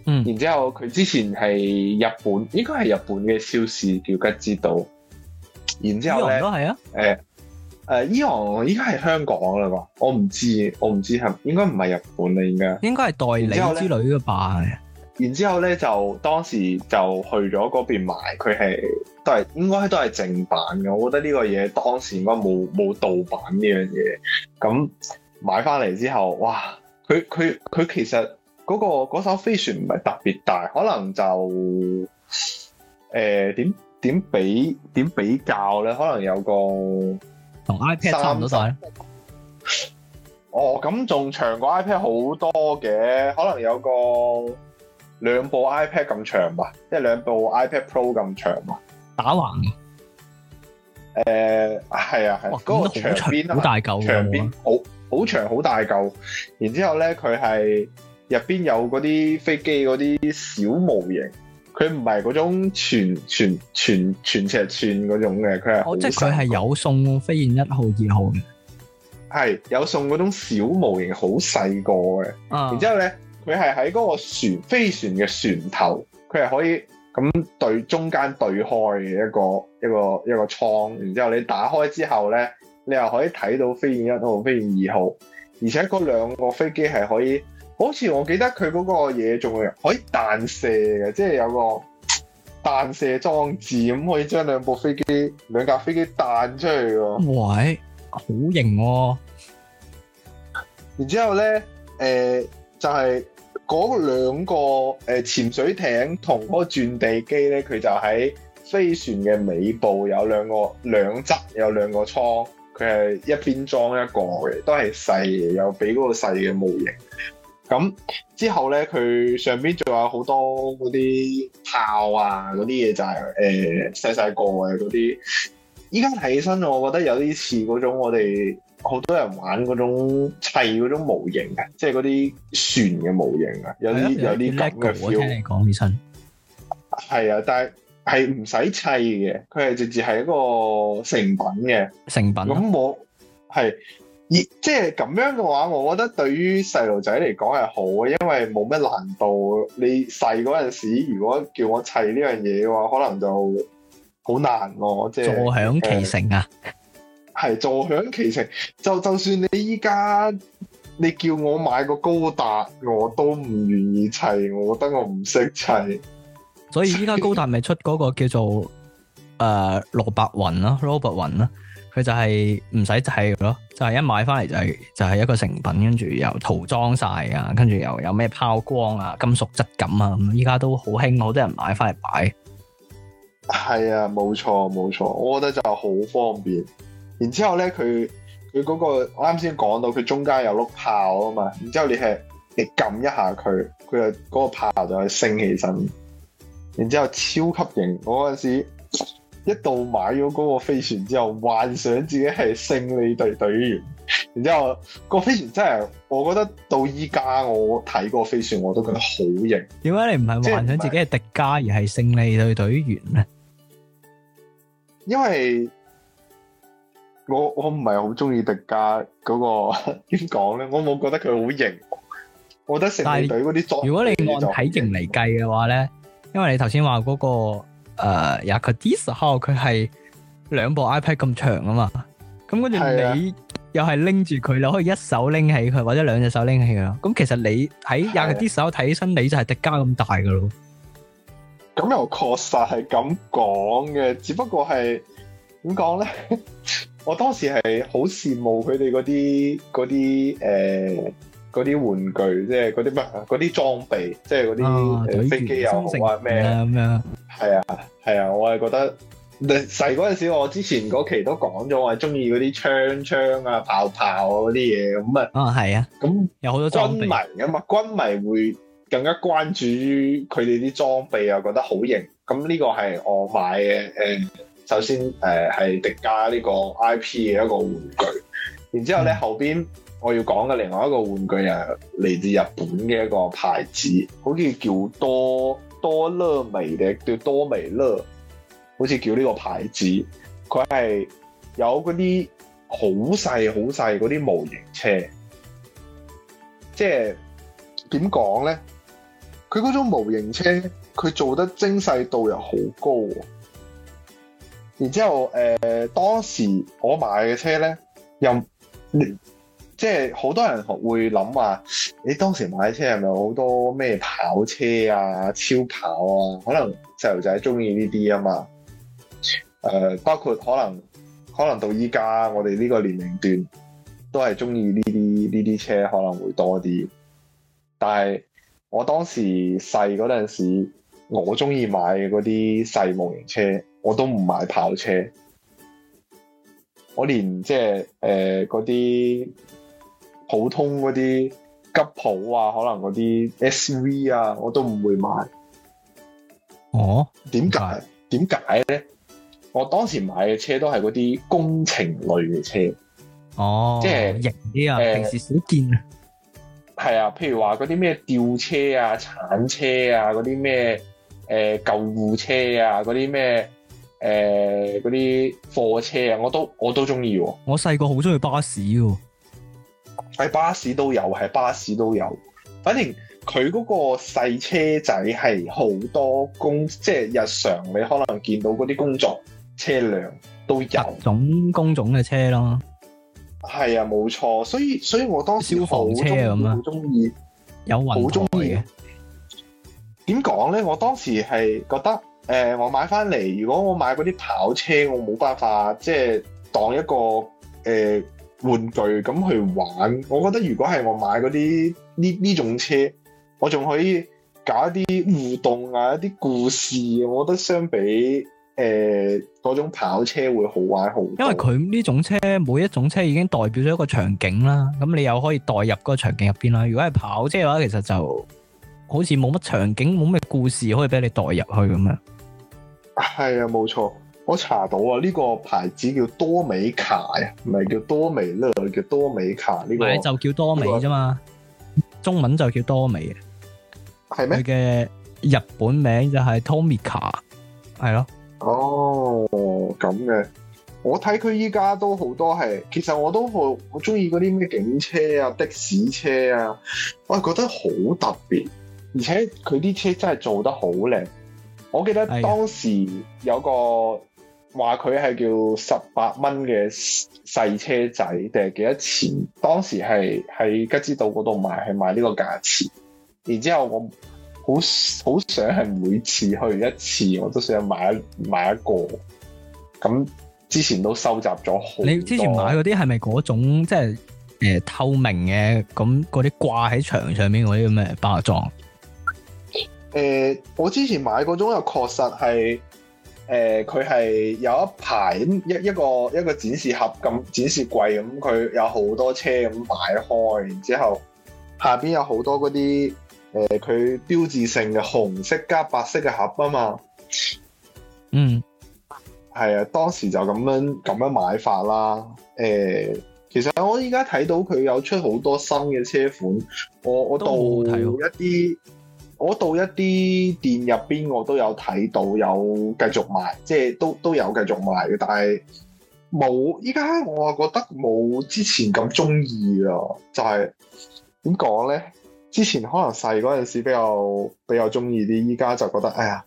嗯。Mm. 然之後佢之前係日本，應該係日本嘅超市叫吉之島。然之後咧，係、e、啊。誒誒伊昂依家係香港啦，我唔知，我唔知係應該唔係日本啦，應該應該係代理之類嘅吧。然之後咧，就當時就去咗嗰邊買，佢係都係應該都係正版嘅。我覺得呢個嘢當時應該冇冇盜版呢樣嘢。咁、嗯、買翻嚟之後，哇！佢佢佢其實嗰、嗰個嗰首飛船唔係特別大，可能就誒點點比點比較咧？可能有個同 iPad 差唔多咧。哦，咁仲長過 iPad 好多嘅，可能有個。兩部 iPad 咁長嘛，即係兩部 iPad Pro 咁長嘛？打橫嘅。誒、呃，係啊，係、啊。哇，嗰個長邊好大嚿，長邊好好長，好大嚿。然之後咧，佢係入邊有嗰啲飛機嗰啲小模型，佢唔係嗰種全全全全，全尺寸嗰種嘅，佢係。哦，即係佢係有送飛燕一號、二號。係有送嗰種小模型，好細個嘅。啊、然之後咧。佢係喺嗰個船飛船嘅船頭，佢係可以咁對中間對開嘅一個一個一個艙，然之後你打開之後咧，你又可以睇到飛燕一號、飛燕二號，而且嗰兩個飛機係可以，好似我記得佢嗰個嘢仲係可以彈射嘅，即係有個彈射裝置咁可以將兩部飛機、兩架飛機彈出去嘅。喂，好型，哦，然之後咧，誒、呃，就係、是。嗰兩個誒潛水艇同嗰個轉地機咧，佢就喺飛船嘅尾部有兩個，兩側有兩個倉，佢係一邊裝一個嘅，都係細嘅，有俾嗰個細嘅模型。咁之後咧，佢上邊仲有好多嗰啲炮啊，嗰啲嘢就係誒細細個嘅嗰啲。依家睇起身，我覺得有啲似嗰種我哋。好多人玩嗰種砌嗰種模型嘅，即係嗰啲船嘅模型啊，有啲的有啲咁嘅 feel。我聽你講起身係啊，但係係唔使砌嘅，佢係直接係一個成品嘅成品啊。咁我係而即係咁樣嘅話，我覺得對於細路仔嚟講係好啊，因為冇咩難度。你細嗰陣時如果叫我砌呢樣嘢嘅話，可能就好難咯啊。即係坐享其成啊！係坐享其成，就就算你依家你叫我買個高達，我都唔願意砌，我覺得我唔識砌。所以依家高達咪出嗰個叫做誒蘿蔔雲啦，蘿蔔雲啦，佢就係唔使砌係咯，就係、是、一買翻嚟就係、是、就係、是、一個成品，跟住又塗裝晒啊，跟住又有咩拋光啊、金屬質感啊，咁依家都好興，好多人買翻嚟擺。係啊，冇錯冇錯，我覺得就係好方便。然之後咧，佢佢嗰，我啱先講到，佢中間有碌炮啊嘛。然之後你係你撳一下佢，佢就嗰、嗰個炮就升起身。然之後超級型，我嗰陣時一度買咗嗰個飛船之後，幻想自己係勝利隊隊員。然之後個飛船真係，我覺得到依家我睇個飛船，我都覺得好型。點解你唔係幻想自己係迪加，是是而係勝利隊隊員咧？因為。我我唔係好中意迪迦嗰個點講咧，我冇覺得佢好型，我覺得成隊嗰啲作如果你按體型嚟計嘅話咧，因為你頭先話嗰個誒亞特迪斯號佢係兩部 iPad 咁長啊嘛，咁跟住你又係拎住佢啦，可以一手拎起佢或者兩隻手拎起佢，咁其實你喺亞特迪斯號睇起身你就係迪迦咁大噶咯，咁又確實係咁講嘅，只不過係點講咧？我當時係好羨慕佢哋嗰啲啲誒啲玩具，即係嗰啲乜嗰啲裝備，即係嗰啲飛機又好啊咩咁樣。係性麼啊係啊，啊，我係覺得細嗰陣時，我之前嗰期都講咗，我係中意嗰啲槍槍啊、炮炮嗰啲嘢咁啊。啊係啊，咁那有好多裝備。軍迷啊嘛，軍迷會更加關注於佢哋啲裝備啊，覺得好型。咁呢個係我買嘅誒首先，誒係迪加呢個 IP 嘅一個玩具。然之後咧，後邊我要講嘅另外一個玩具啊，嚟自日本嘅一個牌子，好似叫多多勒美嘅，叫多美勒，好似叫呢個牌子。佢係有嗰啲好細好細嗰啲模型車，即係點講咧？佢嗰種模型車，佢做得精細度又好高。然之後，誒、呃、當時我買嘅車咧，又即係好多人會諗話，你當時買嘅車係咪好多咩跑車啊、超跑啊？可能細路仔中意呢啲啊嘛。誒、呃，包括可能可能到依家，我哋呢個年齡段都係中意呢啲呢啲車可能會多啲。但係我當時細嗰陣時，我中意買嗰啲細模型車。我都唔買跑車，我連即係誒嗰啲普通嗰啲吉普啊，可能嗰啲 SUV 啊，我都唔會買。哦，點解？點解咧？我當時買嘅車都係嗰啲工程類嘅車。哦，即係型啲啊，呃、平時少見啊。係啊，譬如話嗰啲咩吊車啊、鏟車啊、嗰啲咩誒救護車啊、嗰啲咩。誒，嗰啲貨車啊，我都我都中意。我細個好中意巴士嘅，係巴士都有，喺巴士都有。反正佢嗰個細車仔係好多工，即係日常你可能見到嗰啲工作車輛都有種工種嘅車咯。係啊，冇錯。所以所以我當時好中意，好中意，有好中意嘅。點講咧？我當時係覺得。誒、呃，我買翻嚟。如果我買嗰啲跑車，我冇辦法即係當一個誒、呃、玩具咁去玩。我覺得如果係我買嗰啲呢呢種車，我仲可以搞一啲互動啊，一啲故事。我覺得相比誒嗰、呃、種跑車會好玩好多。因為佢呢種車每一種車已經代表咗一個場景啦，咁你又可以代入嗰個場景入邊啦。如果係跑車嘅話，其實就好似冇乜場景，冇咩故事可以俾你代入去咁樣。係啊，冇錯，我查到啊，呢個牌子叫多美卡呀，唔係叫多美，呢叫多美卡呢個，就叫多美啫嘛，吧中文就叫多美，係咩嗎？佢嘅日本名就係 Tomica，係咯。哦，咁嘅，我睇佢依家都好多係，其實我都好，我中意嗰啲咩警車啊、的士車啊，我係覺得好特別，而且佢啲車真係做得好靚。我記得當時有個話佢係叫十八蚊嘅細車仔，定係幾多錢？當時係喺吉之島嗰度買，係買呢個價錢。然之後我好好想係每次去一次，我都想買一買一個。咁之前都收集咗好多。你之前買嗰啲係咪嗰種即係誒、呃、透明嘅？咁嗰啲掛喺牆上面嗰啲咁嘅包裝。誒，我之前買嗰種又確實係，誒，佢係有一排一個一個一個展示盒咁展示櫃咁，佢有好多車咁擺開，然之後下邊有好多嗰啲誒，佢標誌性嘅紅色加白色嘅盒啊嘛。嗯，係啊，當時就咁樣咁樣買法啦。誒，其實我依家睇到佢有出好多新嘅車款，我我都睇到一啲。我到一啲店入邊，我都有睇到有繼續賣，即係都都有繼續賣嘅，但係冇依家我覺得冇之前咁中意啊。就係點講咧？之前可能細嗰陣時比較比較中意啲，依家就覺得哎呀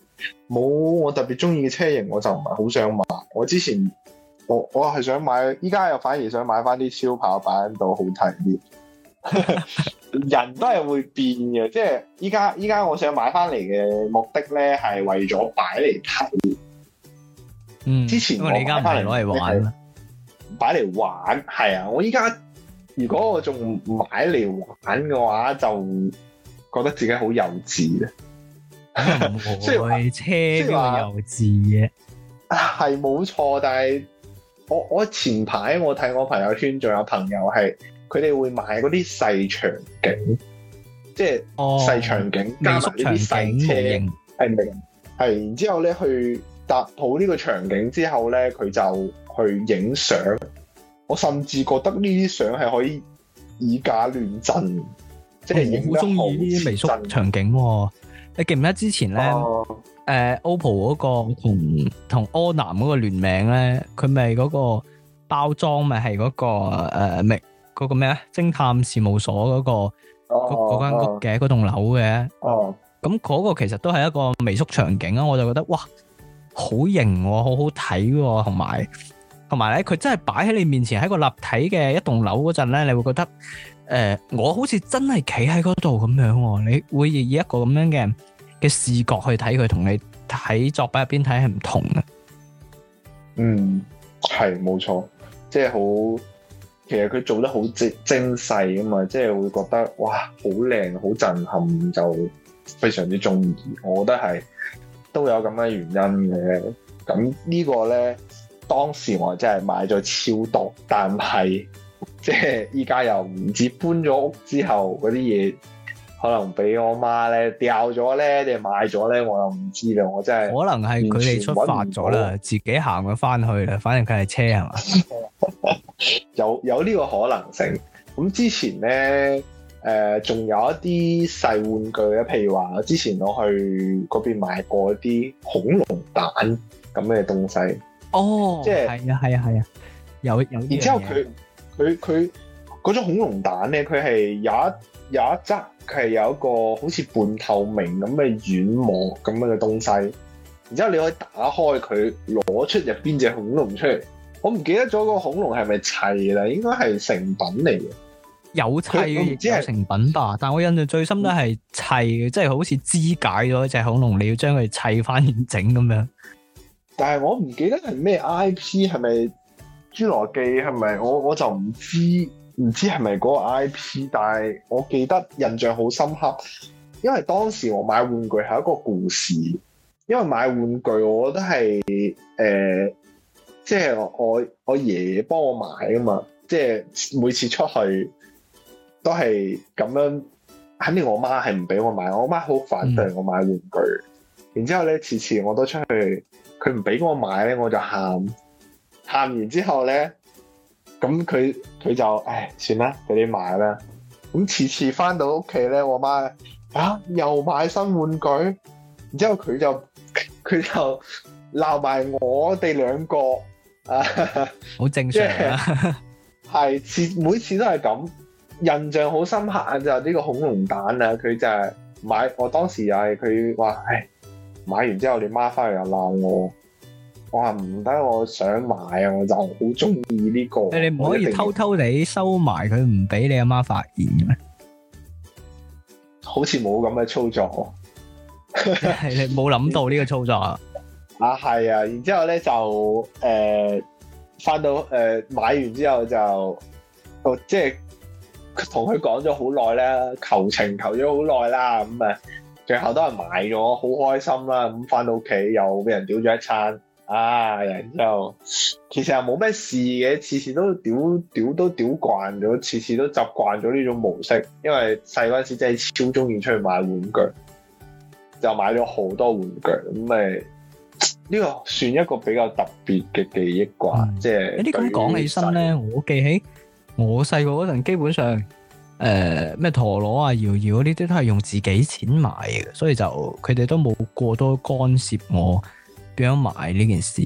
冇我特別中意嘅車型，我就唔係好想買。我之前我我係想買，依家又反而想買翻啲超跑版度好睇啲。 人都係會變嘅，即係依家依家我想買翻嚟嘅目的咧，係為咗擺嚟睇。嗯，之前我買翻嚟攞嚟玩，擺嚟玩係啊！我依家如果我仲買嚟玩嘅話，就覺得自己好幼稚啊！即係車咁幼稚嘅，係冇錯。但係我我前排我睇我朋友圈，仲有朋友係。佢哋會買嗰啲細場景，即係細場景，哦、加埋呢啲細車型係明係。然之後咧，去搭好呢個場景之後咧，佢就去影相。我甚至覺得呢啲相係可以以假亂真，嗯、即係影好中意呢啲微縮場景、哦。你記唔記得之前咧？誒，OPPO 嗰個同同柯南嗰個聯名咧，佢咪嗰個包裝咪係嗰個、呃嗰個咩啊？偵探事務所嗰個嗰嗰間屋嘅嗰棟樓嘅，哦，咁嗰個其實都係一個微縮場景啊！我就覺得哇，好型喎，好好睇喎，同埋同埋咧，佢真係擺喺你面前，喺個立體嘅一棟樓嗰陣咧，你會覺得誒，我好似真係企喺嗰度咁樣，你會以一個咁樣嘅嘅視覺去睇佢，同你喺作品入邊睇係唔同嘅。嗯，係冇錯，即係好。其實佢做得好精精細啊嘛，即係會覺得哇，好靚，好震撼，就非常之中意。我覺得係都有咁嘅原因嘅。咁呢個咧，當時我真係買咗超多，但係即係依家又唔知搬咗屋之後嗰啲嘢，可能俾我媽咧掉咗咧，定買咗咧，我又唔知啦。我真係可能係佢哋出發咗啦，自己行咗翻去啦。反正佢係車係嘛。 有有呢個可能性。咁之前咧，誒、呃、仲有一啲細玩具咧，譬如話之前我去嗰邊買過一啲恐龍蛋咁嘅東西。哦，即係係啊係啊係啊，有有然。然之後佢佢佢嗰種恐龍蛋咧，佢係有一有一側佢係有一個好似半透明咁嘅軟膜咁樣嘅東西。然之後你可以打開佢攞出入邊隻恐龍出嚟。我唔記得咗個恐龍係咪砌啦，應該係成品嚟嘅，有砌嘅，亦都有成品吧。但係我印象最深都係砌嘅，嗯、即係好似肢解咗隻恐龍，你要將佢砌翻先整咁樣。但係我唔記得係咩 I P？係咪侏羅紀？係咪我我就唔知，唔知係咪嗰個 I P？但係我記得印象好深刻，因為當時我買玩具係一個故事，因為買玩具我覺得係誒。呃.即係我我爺爺幫我買噶嘛，即係每次出去都係咁樣，肯定我媽係唔俾我買，我媽好反對我買玩具。嗯、然之後咧，次次我都出去，佢唔俾我買咧，我就喊，喊完之後咧，咁佢佢就唉，算啦，俾你買啦。咁次次翻到屋企咧，我媽啊，又買新玩具，然之後佢就佢就鬧埋我哋兩個。 正啊，好正常，係次每次都係咁，印象好深刻就呢、呢個恐龍蛋啊，佢就係買，我當時又係佢話，買完之後你媽翻嚟又鬧我，我話唔得，我想買啊，我就好中意呢個，你唔可以偷偷地收埋佢，唔俾你阿媽發現嘅咩？ 好似冇咁嘅操作，係 你冇諗到呢個操作啊！啊，係啊！然之後咧就誒，翻、呃、到誒、呃、買完之後就哦，即係同佢講咗好耐啦，求情求咗好耐啦，咁、嗯、啊，最後都係買咗，好開心啦！咁、嗯、翻到屋企又俾人屌咗一餐啊！然之後其實又冇咩事嘅，次次都屌屌都屌慣咗，次次都習慣咗呢種模式。因為細嗰陣時真係超中意出去買玩具，就買咗好多玩具咁咪。嗯嗯呢個算一個比較特別嘅記憶啩，是即係一啲咁講起身咧，嗯、我記起我細個嗰陣，基本上誒咩、呃、陀螺啊、搖搖呢啲都係用自己錢買嘅，所以就佢哋都冇過多干涉我點樣買呢件事。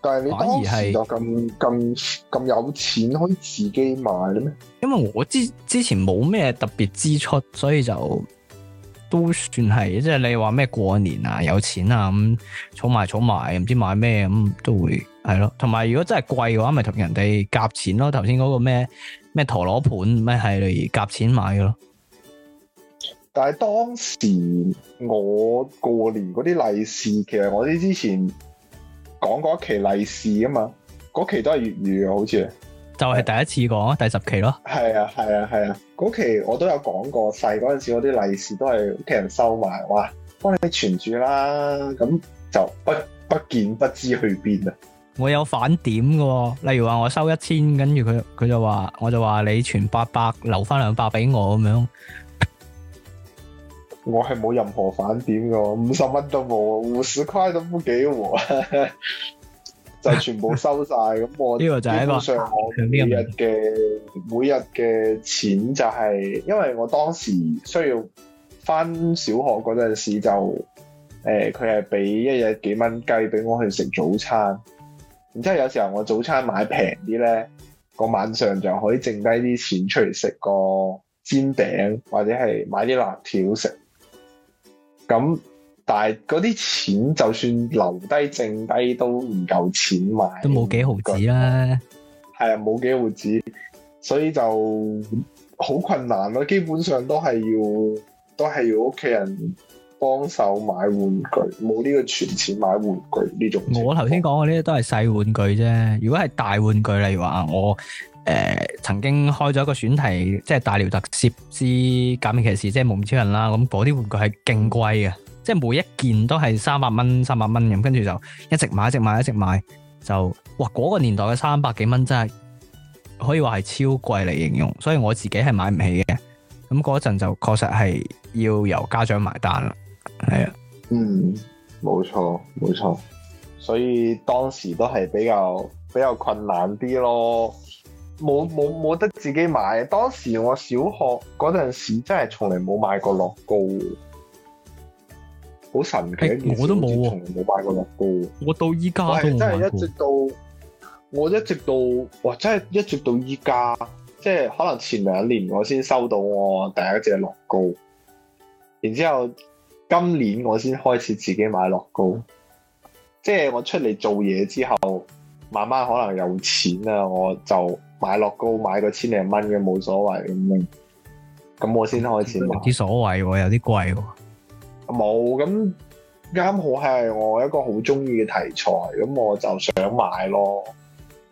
但係你反而就咁咁咁有錢可以自己買嘅咩？因為我之之前冇咩特別支出，所以就。都算係，即係你話咩過年啊，有錢啊咁，儲埋儲埋，唔知買咩咁、嗯、都會係咯。同埋如果真係貴嘅話，咪同人哋夾錢咯。頭先嗰個咩咩陀螺盤，咩係類似夾錢買嘅咯。但係當時我過年嗰啲利是，其實我哋之前講過一期利是啊嘛，嗰期都係粵語啊，好似。就係第一次講的第十期咯，係啊係啊係啊，嗰期我都有講過細嗰陣時，啲利是都係屋企人收埋，哇，幫你存住啦，咁就不不見不知去邊啊！我有返點嘅，例如話我收一千，跟住佢佢就話，我就話你存八百，留翻兩百俾我咁樣。 我係冇任何返點嘅，五十蚊都冇，五十塊都冇給我。 就全部收晒。咁 我基本上我日嘅每日嘅錢就係，因為我當時需要翻小學嗰陣時就，誒佢係俾一日幾蚊雞俾我去食早餐，然之後有時候我早餐買平啲咧，個晚上就可以剩低啲錢出嚟食個煎餅或者係買啲辣條食，咁。但係嗰啲錢就算留低剩低都唔夠錢買，都冇幾毫子啦。係啊，冇幾毫子，所以就好困難咯。基本上都係要，都係要屋企人幫手買玩具，冇呢個存錢買玩具呢種。我頭先講嘅呢啲都係細玩具啫。如果係大玩具，例如話我誒、呃、曾經開咗一個選題，即、就、係、是、大聊特攝之假面騎士，即係夢超人啦，咁嗰啲玩具係勁貴嘅。即係每一件都係三百蚊，三百蚊咁，跟住就一直買，一直買，一直買，就哇嗰個年代嘅三百幾蚊真係可以話係超貴嚟形容，所以我自己係買唔起嘅。咁嗰陣就確實係要由家長埋單啦，係啊，嗯，冇錯冇錯，所以當時都係比較比較困難啲咯，冇冇冇得自己買。當時我小學嗰陣時真係從來冇買過樂高。好神奇的一件事我都冇喎，冇買過樂高，ok。我到依家都冇買過。真係一直到，我一直到，哇！真係一直到依家，即係可能前兩年我先收到我第一隻樂高，然之後今年我先開始自己買樂高。即係我出嚟做嘢之後，慢慢可能有錢啦，我就買樂高，買個千零蚊嘅冇所謂咁咁、嗯、我先開始買。有啲所謂喎，有啲貴。冇咁啱好係我一個好中意嘅題材，咁我就想買咯。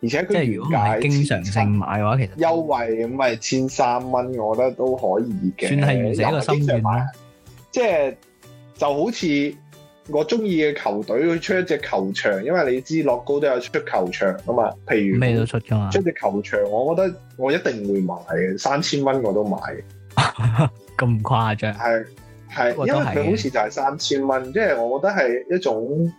而且佢原價經常性買嘅話，其實優惠咁咪千三蚊，我覺得都可以嘅。算係你一個心願吧，即係就好似我中意嘅球隊佢出一隻球場，因為你知樂高都有出球場噶嘛。譬如咩都出噶嘛。出隻球場，我覺得我一定會買嘅，三千蚊我都買。咁 誇張係。係，因為佢好似就係三千蚊，即、就、係、是、我覺得係一種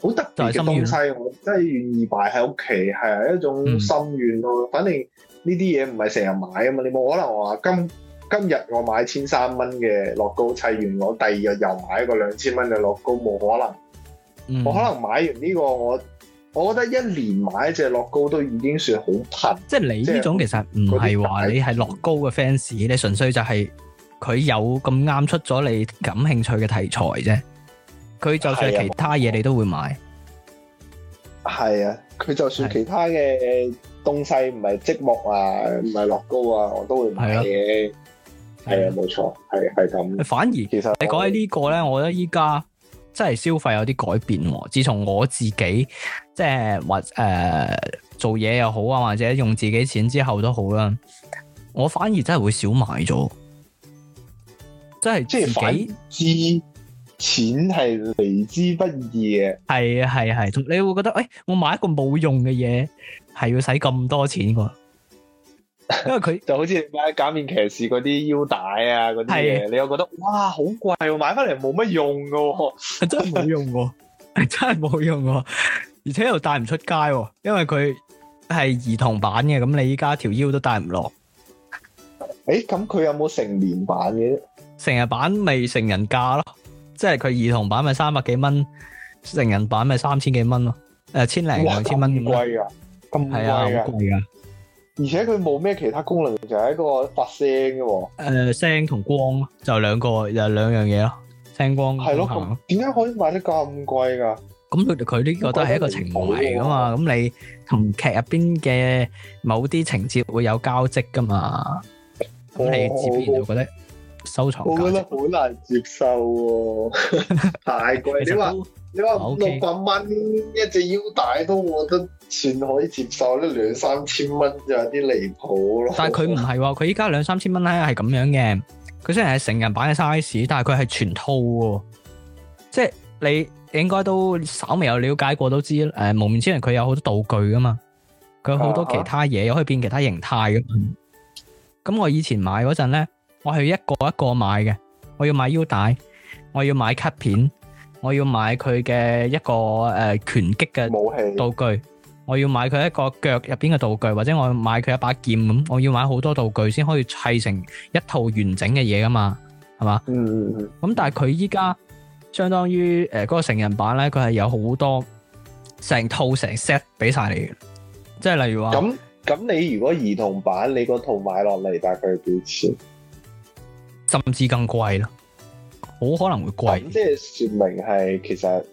好特別嘅東西，是我真係願意擺喺屋企，係一種心願咯。嗯、反正呢啲嘢唔係成日買啊嘛，你冇可能話今今日我買千三蚊嘅樂高砌完，我第二日又買一個兩千蚊嘅樂高，冇可能。嗯、我可能買完呢、這個，我我覺得一年買一隻樂高都已經算好頻。即係你呢種、就是、其實唔係話你係樂高嘅 fans，你純粹就係、是。佢有咁啱出咗你感興趣嘅題材啫，佢就算其他嘢你都會買，係啊，佢、啊、就算其他嘅東西唔係積木啊，唔係樂高啊，我都會買嘢係啊，冇錯、啊，係係咁。反而其實你講起呢個咧，我覺得依家我真係消費有啲改變。自從我自己即係或誒做嘢又好啊，或者用自己錢之後都好啦，我反而真係會少買咗。真係即係幾支錢係嚟之不易嘅。係啊係啊係，你會覺得誒、欸，我買一個冇用嘅嘢，係要使咁多錢嘅，因為佢就好似買假面騎士嗰啲腰帶啊，嗰啲嘢，的你又覺得哇好貴，係、啊、買翻嚟冇乜用嘅，真係冇用嘅， 真係冇用嘅，而且又帶唔出街，因為佢係兒童版嘅，咁你依家條腰都帶唔落。誒、欸，咁佢有冇成年版嘅？成日版咪成人價咯，即係佢兒童版咪三百幾蚊，成人版咪三千幾蚊咯，誒千零兩千蚊。咁貴啊？咁貴噶，而且佢冇咩其他功能，就係一個發聲嘅。誒，聲同光就兩個，就兩樣嘢咯，聲光。係咯，咁點解可以賣得咁貴噶？咁佢佢呢個都係一個情懷噶嘛，咁你同劇入邊嘅某啲情節會有交織噶嘛，咁你自然就覺得。收藏我覺得好難接受，啊，太貴 貴。你話你話六百蚊一隻腰帶都我覺得算可以接受，都兩三千蚊就有啲離譜咯。但係佢唔係，佢依家兩三千蚊咧係咁樣嘅。佢雖然係成人版嘅 size，但係佢係全套，即、就、係、是、你，你應該都稍微有了解過都知道。誒、呃，蒙面超人佢有好多道具噶嘛，佢好多其他嘢，啊、又可以變其他形態嘅。咁我以前買嗰陣咧。我係一個一個買嘅，我要買腰帶，我要買卡片，我要買佢嘅一個誒拳擊嘅武器道具，我要買佢一個腳入邊嘅道具，或者我要買佢一把劍咁，我要買好多道具先可以砌成一套完整嘅嘢，噶嘛，係嘛？嗯嗯嗯。咁但係佢依家相當於誒嗰個成人版咧，佢係有好多成套成 set 俾晒你嘅，即係例如話咁咁，你如果兒童版，你嗰套買落嚟，但係佢幾錢？甚至更貴咯，好可能會貴的、嗯。即係説明係其實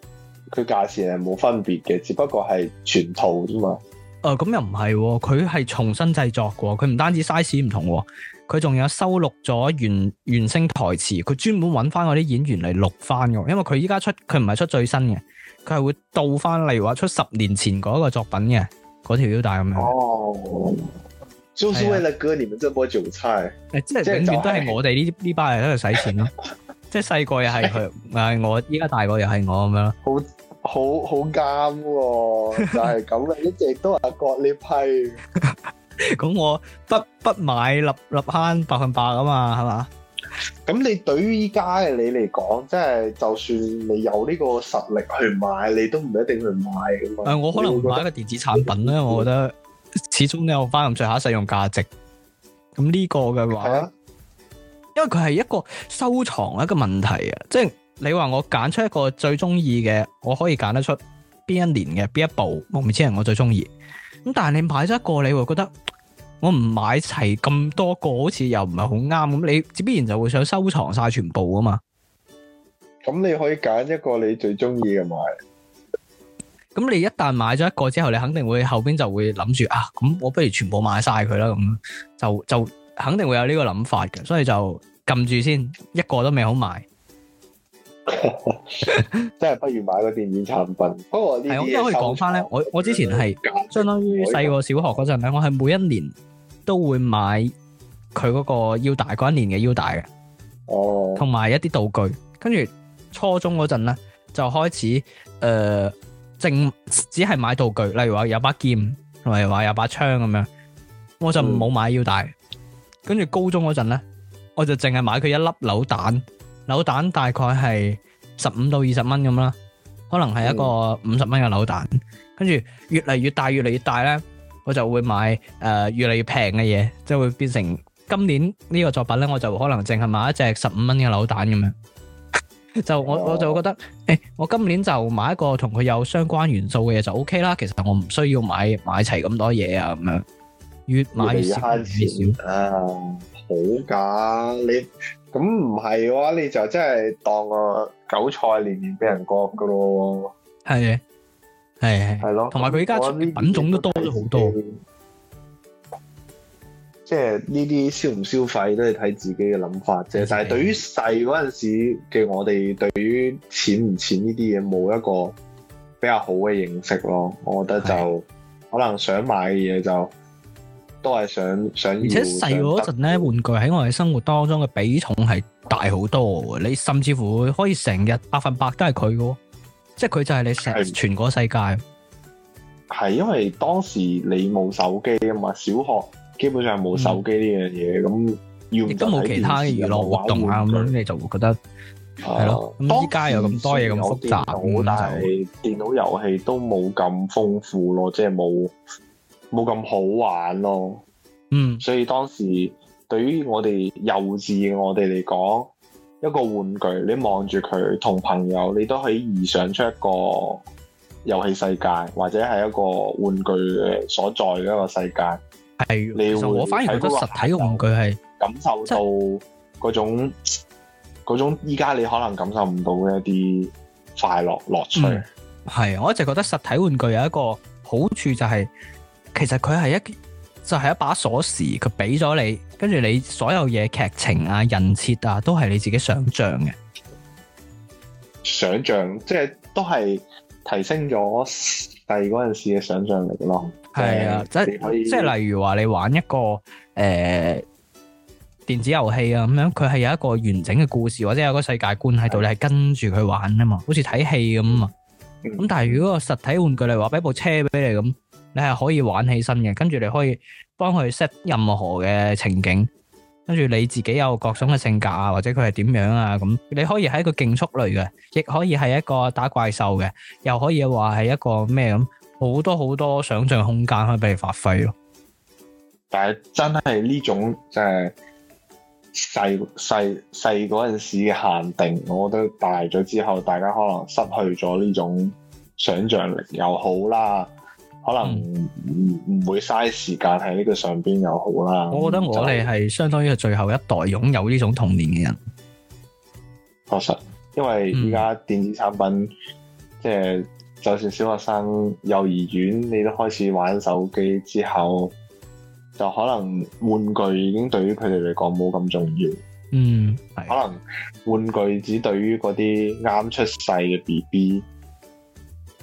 佢價錢係冇分別嘅，只不過係全套啫嘛。誒、呃，咁又唔係、啊，佢係重新製作過，佢唔單止 size 唔同、啊，佢仲有收錄咗原原聲台詞，佢專門揾翻嗰啲演員嚟錄翻嘅。因為佢依家出，佢唔係出最新嘅，佢係會倒翻嚟話出十年前嗰個作品嘅嗰條腰帶咁樣。哦。是就是為了割你們這波韭菜。誒，即係永遠都係我哋呢呢班人喺度使錢咯， 即係細個又係佢，誒， 我依家大個又係我咁樣咯，好好好啱、啊， 就係咁嘅，一直都係割呢批。咁 我不不買立立慳百分百啊嘛，係嘛？咁你對於依家嘅你嚟講，即、就、係、是、就算你有呢個實力去買，你都唔一定去買噶嘛，誒， 我可能會買一個電子產品啦，我覺得。 始終都有翻咁上下使用價值，咁呢個嘅話，嗯、因為佢係一個收藏一個問題啊，即係你話我揀出一個最中意嘅，我可以揀得出邊一年嘅邊一部《無名之仁》我最中意，咁但係你買咗一個你會覺得我唔買齊咁多個，好似又唔係好啱咁，你必然就會想收藏晒全部啊嘛。咁你可以揀一個你最中意嘅買。咁你一旦買咗一個之後，你肯定會後邊就會諗住啊，咁我不如全部買晒佢啦，咁就就肯定會有呢個諗法嘅，所以就撳住先，一個都未好買。 真係不如買個電影產品。不過 呢啲，我可以講翻咧，我我之前係相當於細個小學嗰陣咧，我係每一年都會買佢嗰個腰帶，嗰一年嘅腰帶嘅。哦。同埋一啲道具，跟住初中嗰陣咧就開始誒。呃淨只係買道具，例如話有把劍，例如話有把槍咁樣，我就冇買腰帶。跟住、嗯、高中嗰陣咧，我就淨係買佢一粒扭蛋，扭蛋大概係十五到二十蚊咁啦，可能係一個五十蚊嘅扭蛋。跟住、嗯、越嚟越，越，越大，越嚟越大咧，我就會買誒、呃、越嚟越平嘅嘢，即係會變成今年呢個作品咧，我就可能淨係買一隻十五蚊嘅扭蛋咁樣。就我的我就覺得，誒、欸，我今年就買一個同佢有相關元素嘅嘢就 OK 啦。其實我唔需要買買齊咁多嘢啊，咁樣越買越差，好噶，你咁唔係嘅話，你就真係當個韭菜年年俾人割噶咯。係啊，係係係咯，同埋佢依家品種都多咗好多。即係呢啲消唔消費都係睇自己嘅諗法啫。但係對於細嗰陣時嘅我哋，對於錢唔錢呢啲嘢冇一個比較好嘅認識咯。我覺得就可能想買嘅嘢就都係想想要。而且細嗰陣咧，玩具喺我哋生活當中嘅比重係大好多。你甚至乎可以成日百分百都係佢嘅，即係佢就係你成全個世界。係因為當時你冇手機啊嘛，小學。基本上係冇手機呢樣嘢，咁要都冇其他嘅娛樂活動啊！咁你就會覺得係咯。依家有咁多嘢咁複雜，但係電腦遊戲都冇咁豐富咯，即係冇冇咁好玩咯。嗯，所以當時對於我哋幼稚嘅我哋嚟講，一個玩具，你望住佢，同朋友你都可以臆想出一個遊戲世界，或者係一個玩具所在嘅一個世界。係，係你會我反而覺得實體嘅玩具係感受到嗰種嗰種，依家即你可能感受唔到嘅一啲快樂樂趣。係、嗯，我一直覺得實體玩具有一個好處就係、係，其實佢係一就係、係、一把鎖匙，佢俾咗你，跟住你所有嘢劇情啊、人設啊，都係你自己想象嘅。想象，即係都係提升咗第二嗰陣時嘅想象力咯。係啊，即係即係，例如話你玩一個誒電子遊戲啊，咁樣佢係有一個完整嘅故事，或者有個世界觀喺度，你係跟住佢玩啊嘛，好似睇戲咁啊嘛。咁但係如果個實體玩具，嚟話俾部車俾你咁，你係可以玩起身嘅，跟住你可以幫佢 set 任何嘅情景，跟住你自己有各種嘅性格啊，或者佢係點樣啊，咁你可以係一個競速類嘅，亦可以係一個打怪獸嘅，又可以話係一個咩咁。好多好多想象空間可以俾你發揮咯，但係真係呢種就係細細細嗰陣時嘅限定，我覺得大咗之後，大家可能失去咗呢種想象力又好啦，可能唔唔會嘥時間喺呢個上邊又好啦。嗯嗯、我覺得我哋係相當於係最後一代擁有呢種童年嘅人，確實，因為依家電子產品、嗯、即係。就算小學生、幼兒園，你都開始玩手機之後，就可能玩具已經對於佢哋嚟講冇咁重要。嗯，係，可能玩具只對於嗰啲啱出世嘅 B B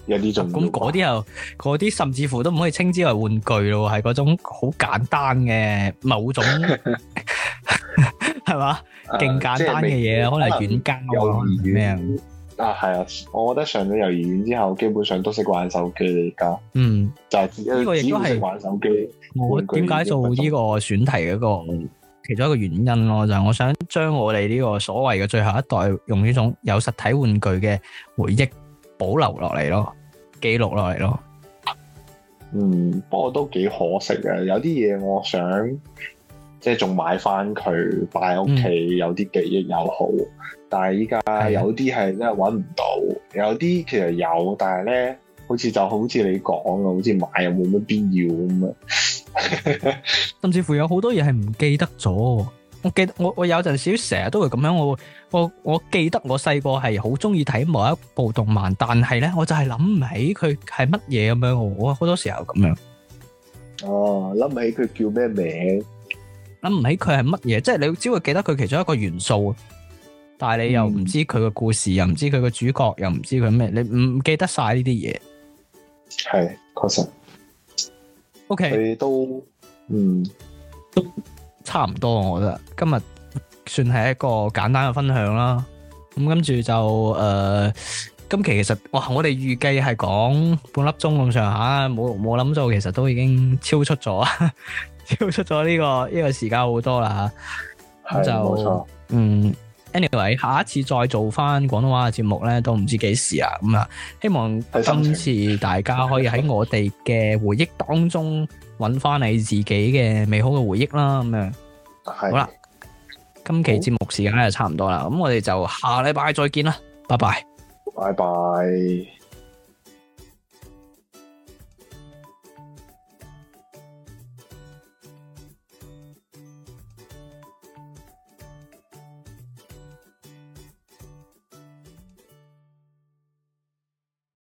有啲重要。咁嗰啲又嗰啲，甚至乎都唔可以稱之為玩具咯，係嗰種好簡單嘅某種，係嘛？ 勁簡單嘅嘢、呃，可能係軟膠咩啊？啊，係啊！我覺得上咗幼兒園之後，基本上都識玩手機而家。嗯，就係呢個亦都係玩手機。我點解做呢個選題嘅一個，嗰個其中一個原因咯，嗯，就係我想將我哋呢個所謂嘅最後一代，用呢種有實體玩具嘅回憶保留落嚟咯，記錄落嚟咯。嗯，不過都幾可惜啊！有啲嘢我想，即係仲買翻佢擺喺屋企，有啲記憶又好，嗯、但係依家有啲係真係搵唔到，的有啲其實有，但係咧好似就好似你講嘅，好似買又冇乜必要咁樣！ 甚至乎有好多嘢係唔記得咗。我記得我我有陣時成日都會咁樣，我我我記得我細個係好中意睇某一部動漫，但係咧我就係諗唔起佢係乜嘢咁樣。我好多時候咁樣。哦、嗯，諗、啊、唔起佢叫咩名？諗唔起佢係乜嘢，即係你只會記得佢其中一個元素，但係你又唔知佢個故事，嗯、又唔知佢個主角，又唔知佢咩，你唔記得晒呢啲嘢，係確實。OK，都嗯都差唔多，我覺得今日算係一個簡單嘅分享啦。咁跟住就誒，今期其實哇，我哋預計係講半粒鐘咁上下，冇冇諗到，其實都已經超出咗。 跳 出咗呢個呢個時間好多啦吓，是就錯嗯，anyway，下一次再做翻廣東話嘅節目咧，都唔知幾時啊，咁啊，希望今次大家可以喺我哋嘅回憶當中，揾翻你自己嘅美好嘅回憶啦，咁是樣好啦，今期節目時間咧就差唔多啦，咁好我哋就下禮拜再見啦，拜拜，拜拜。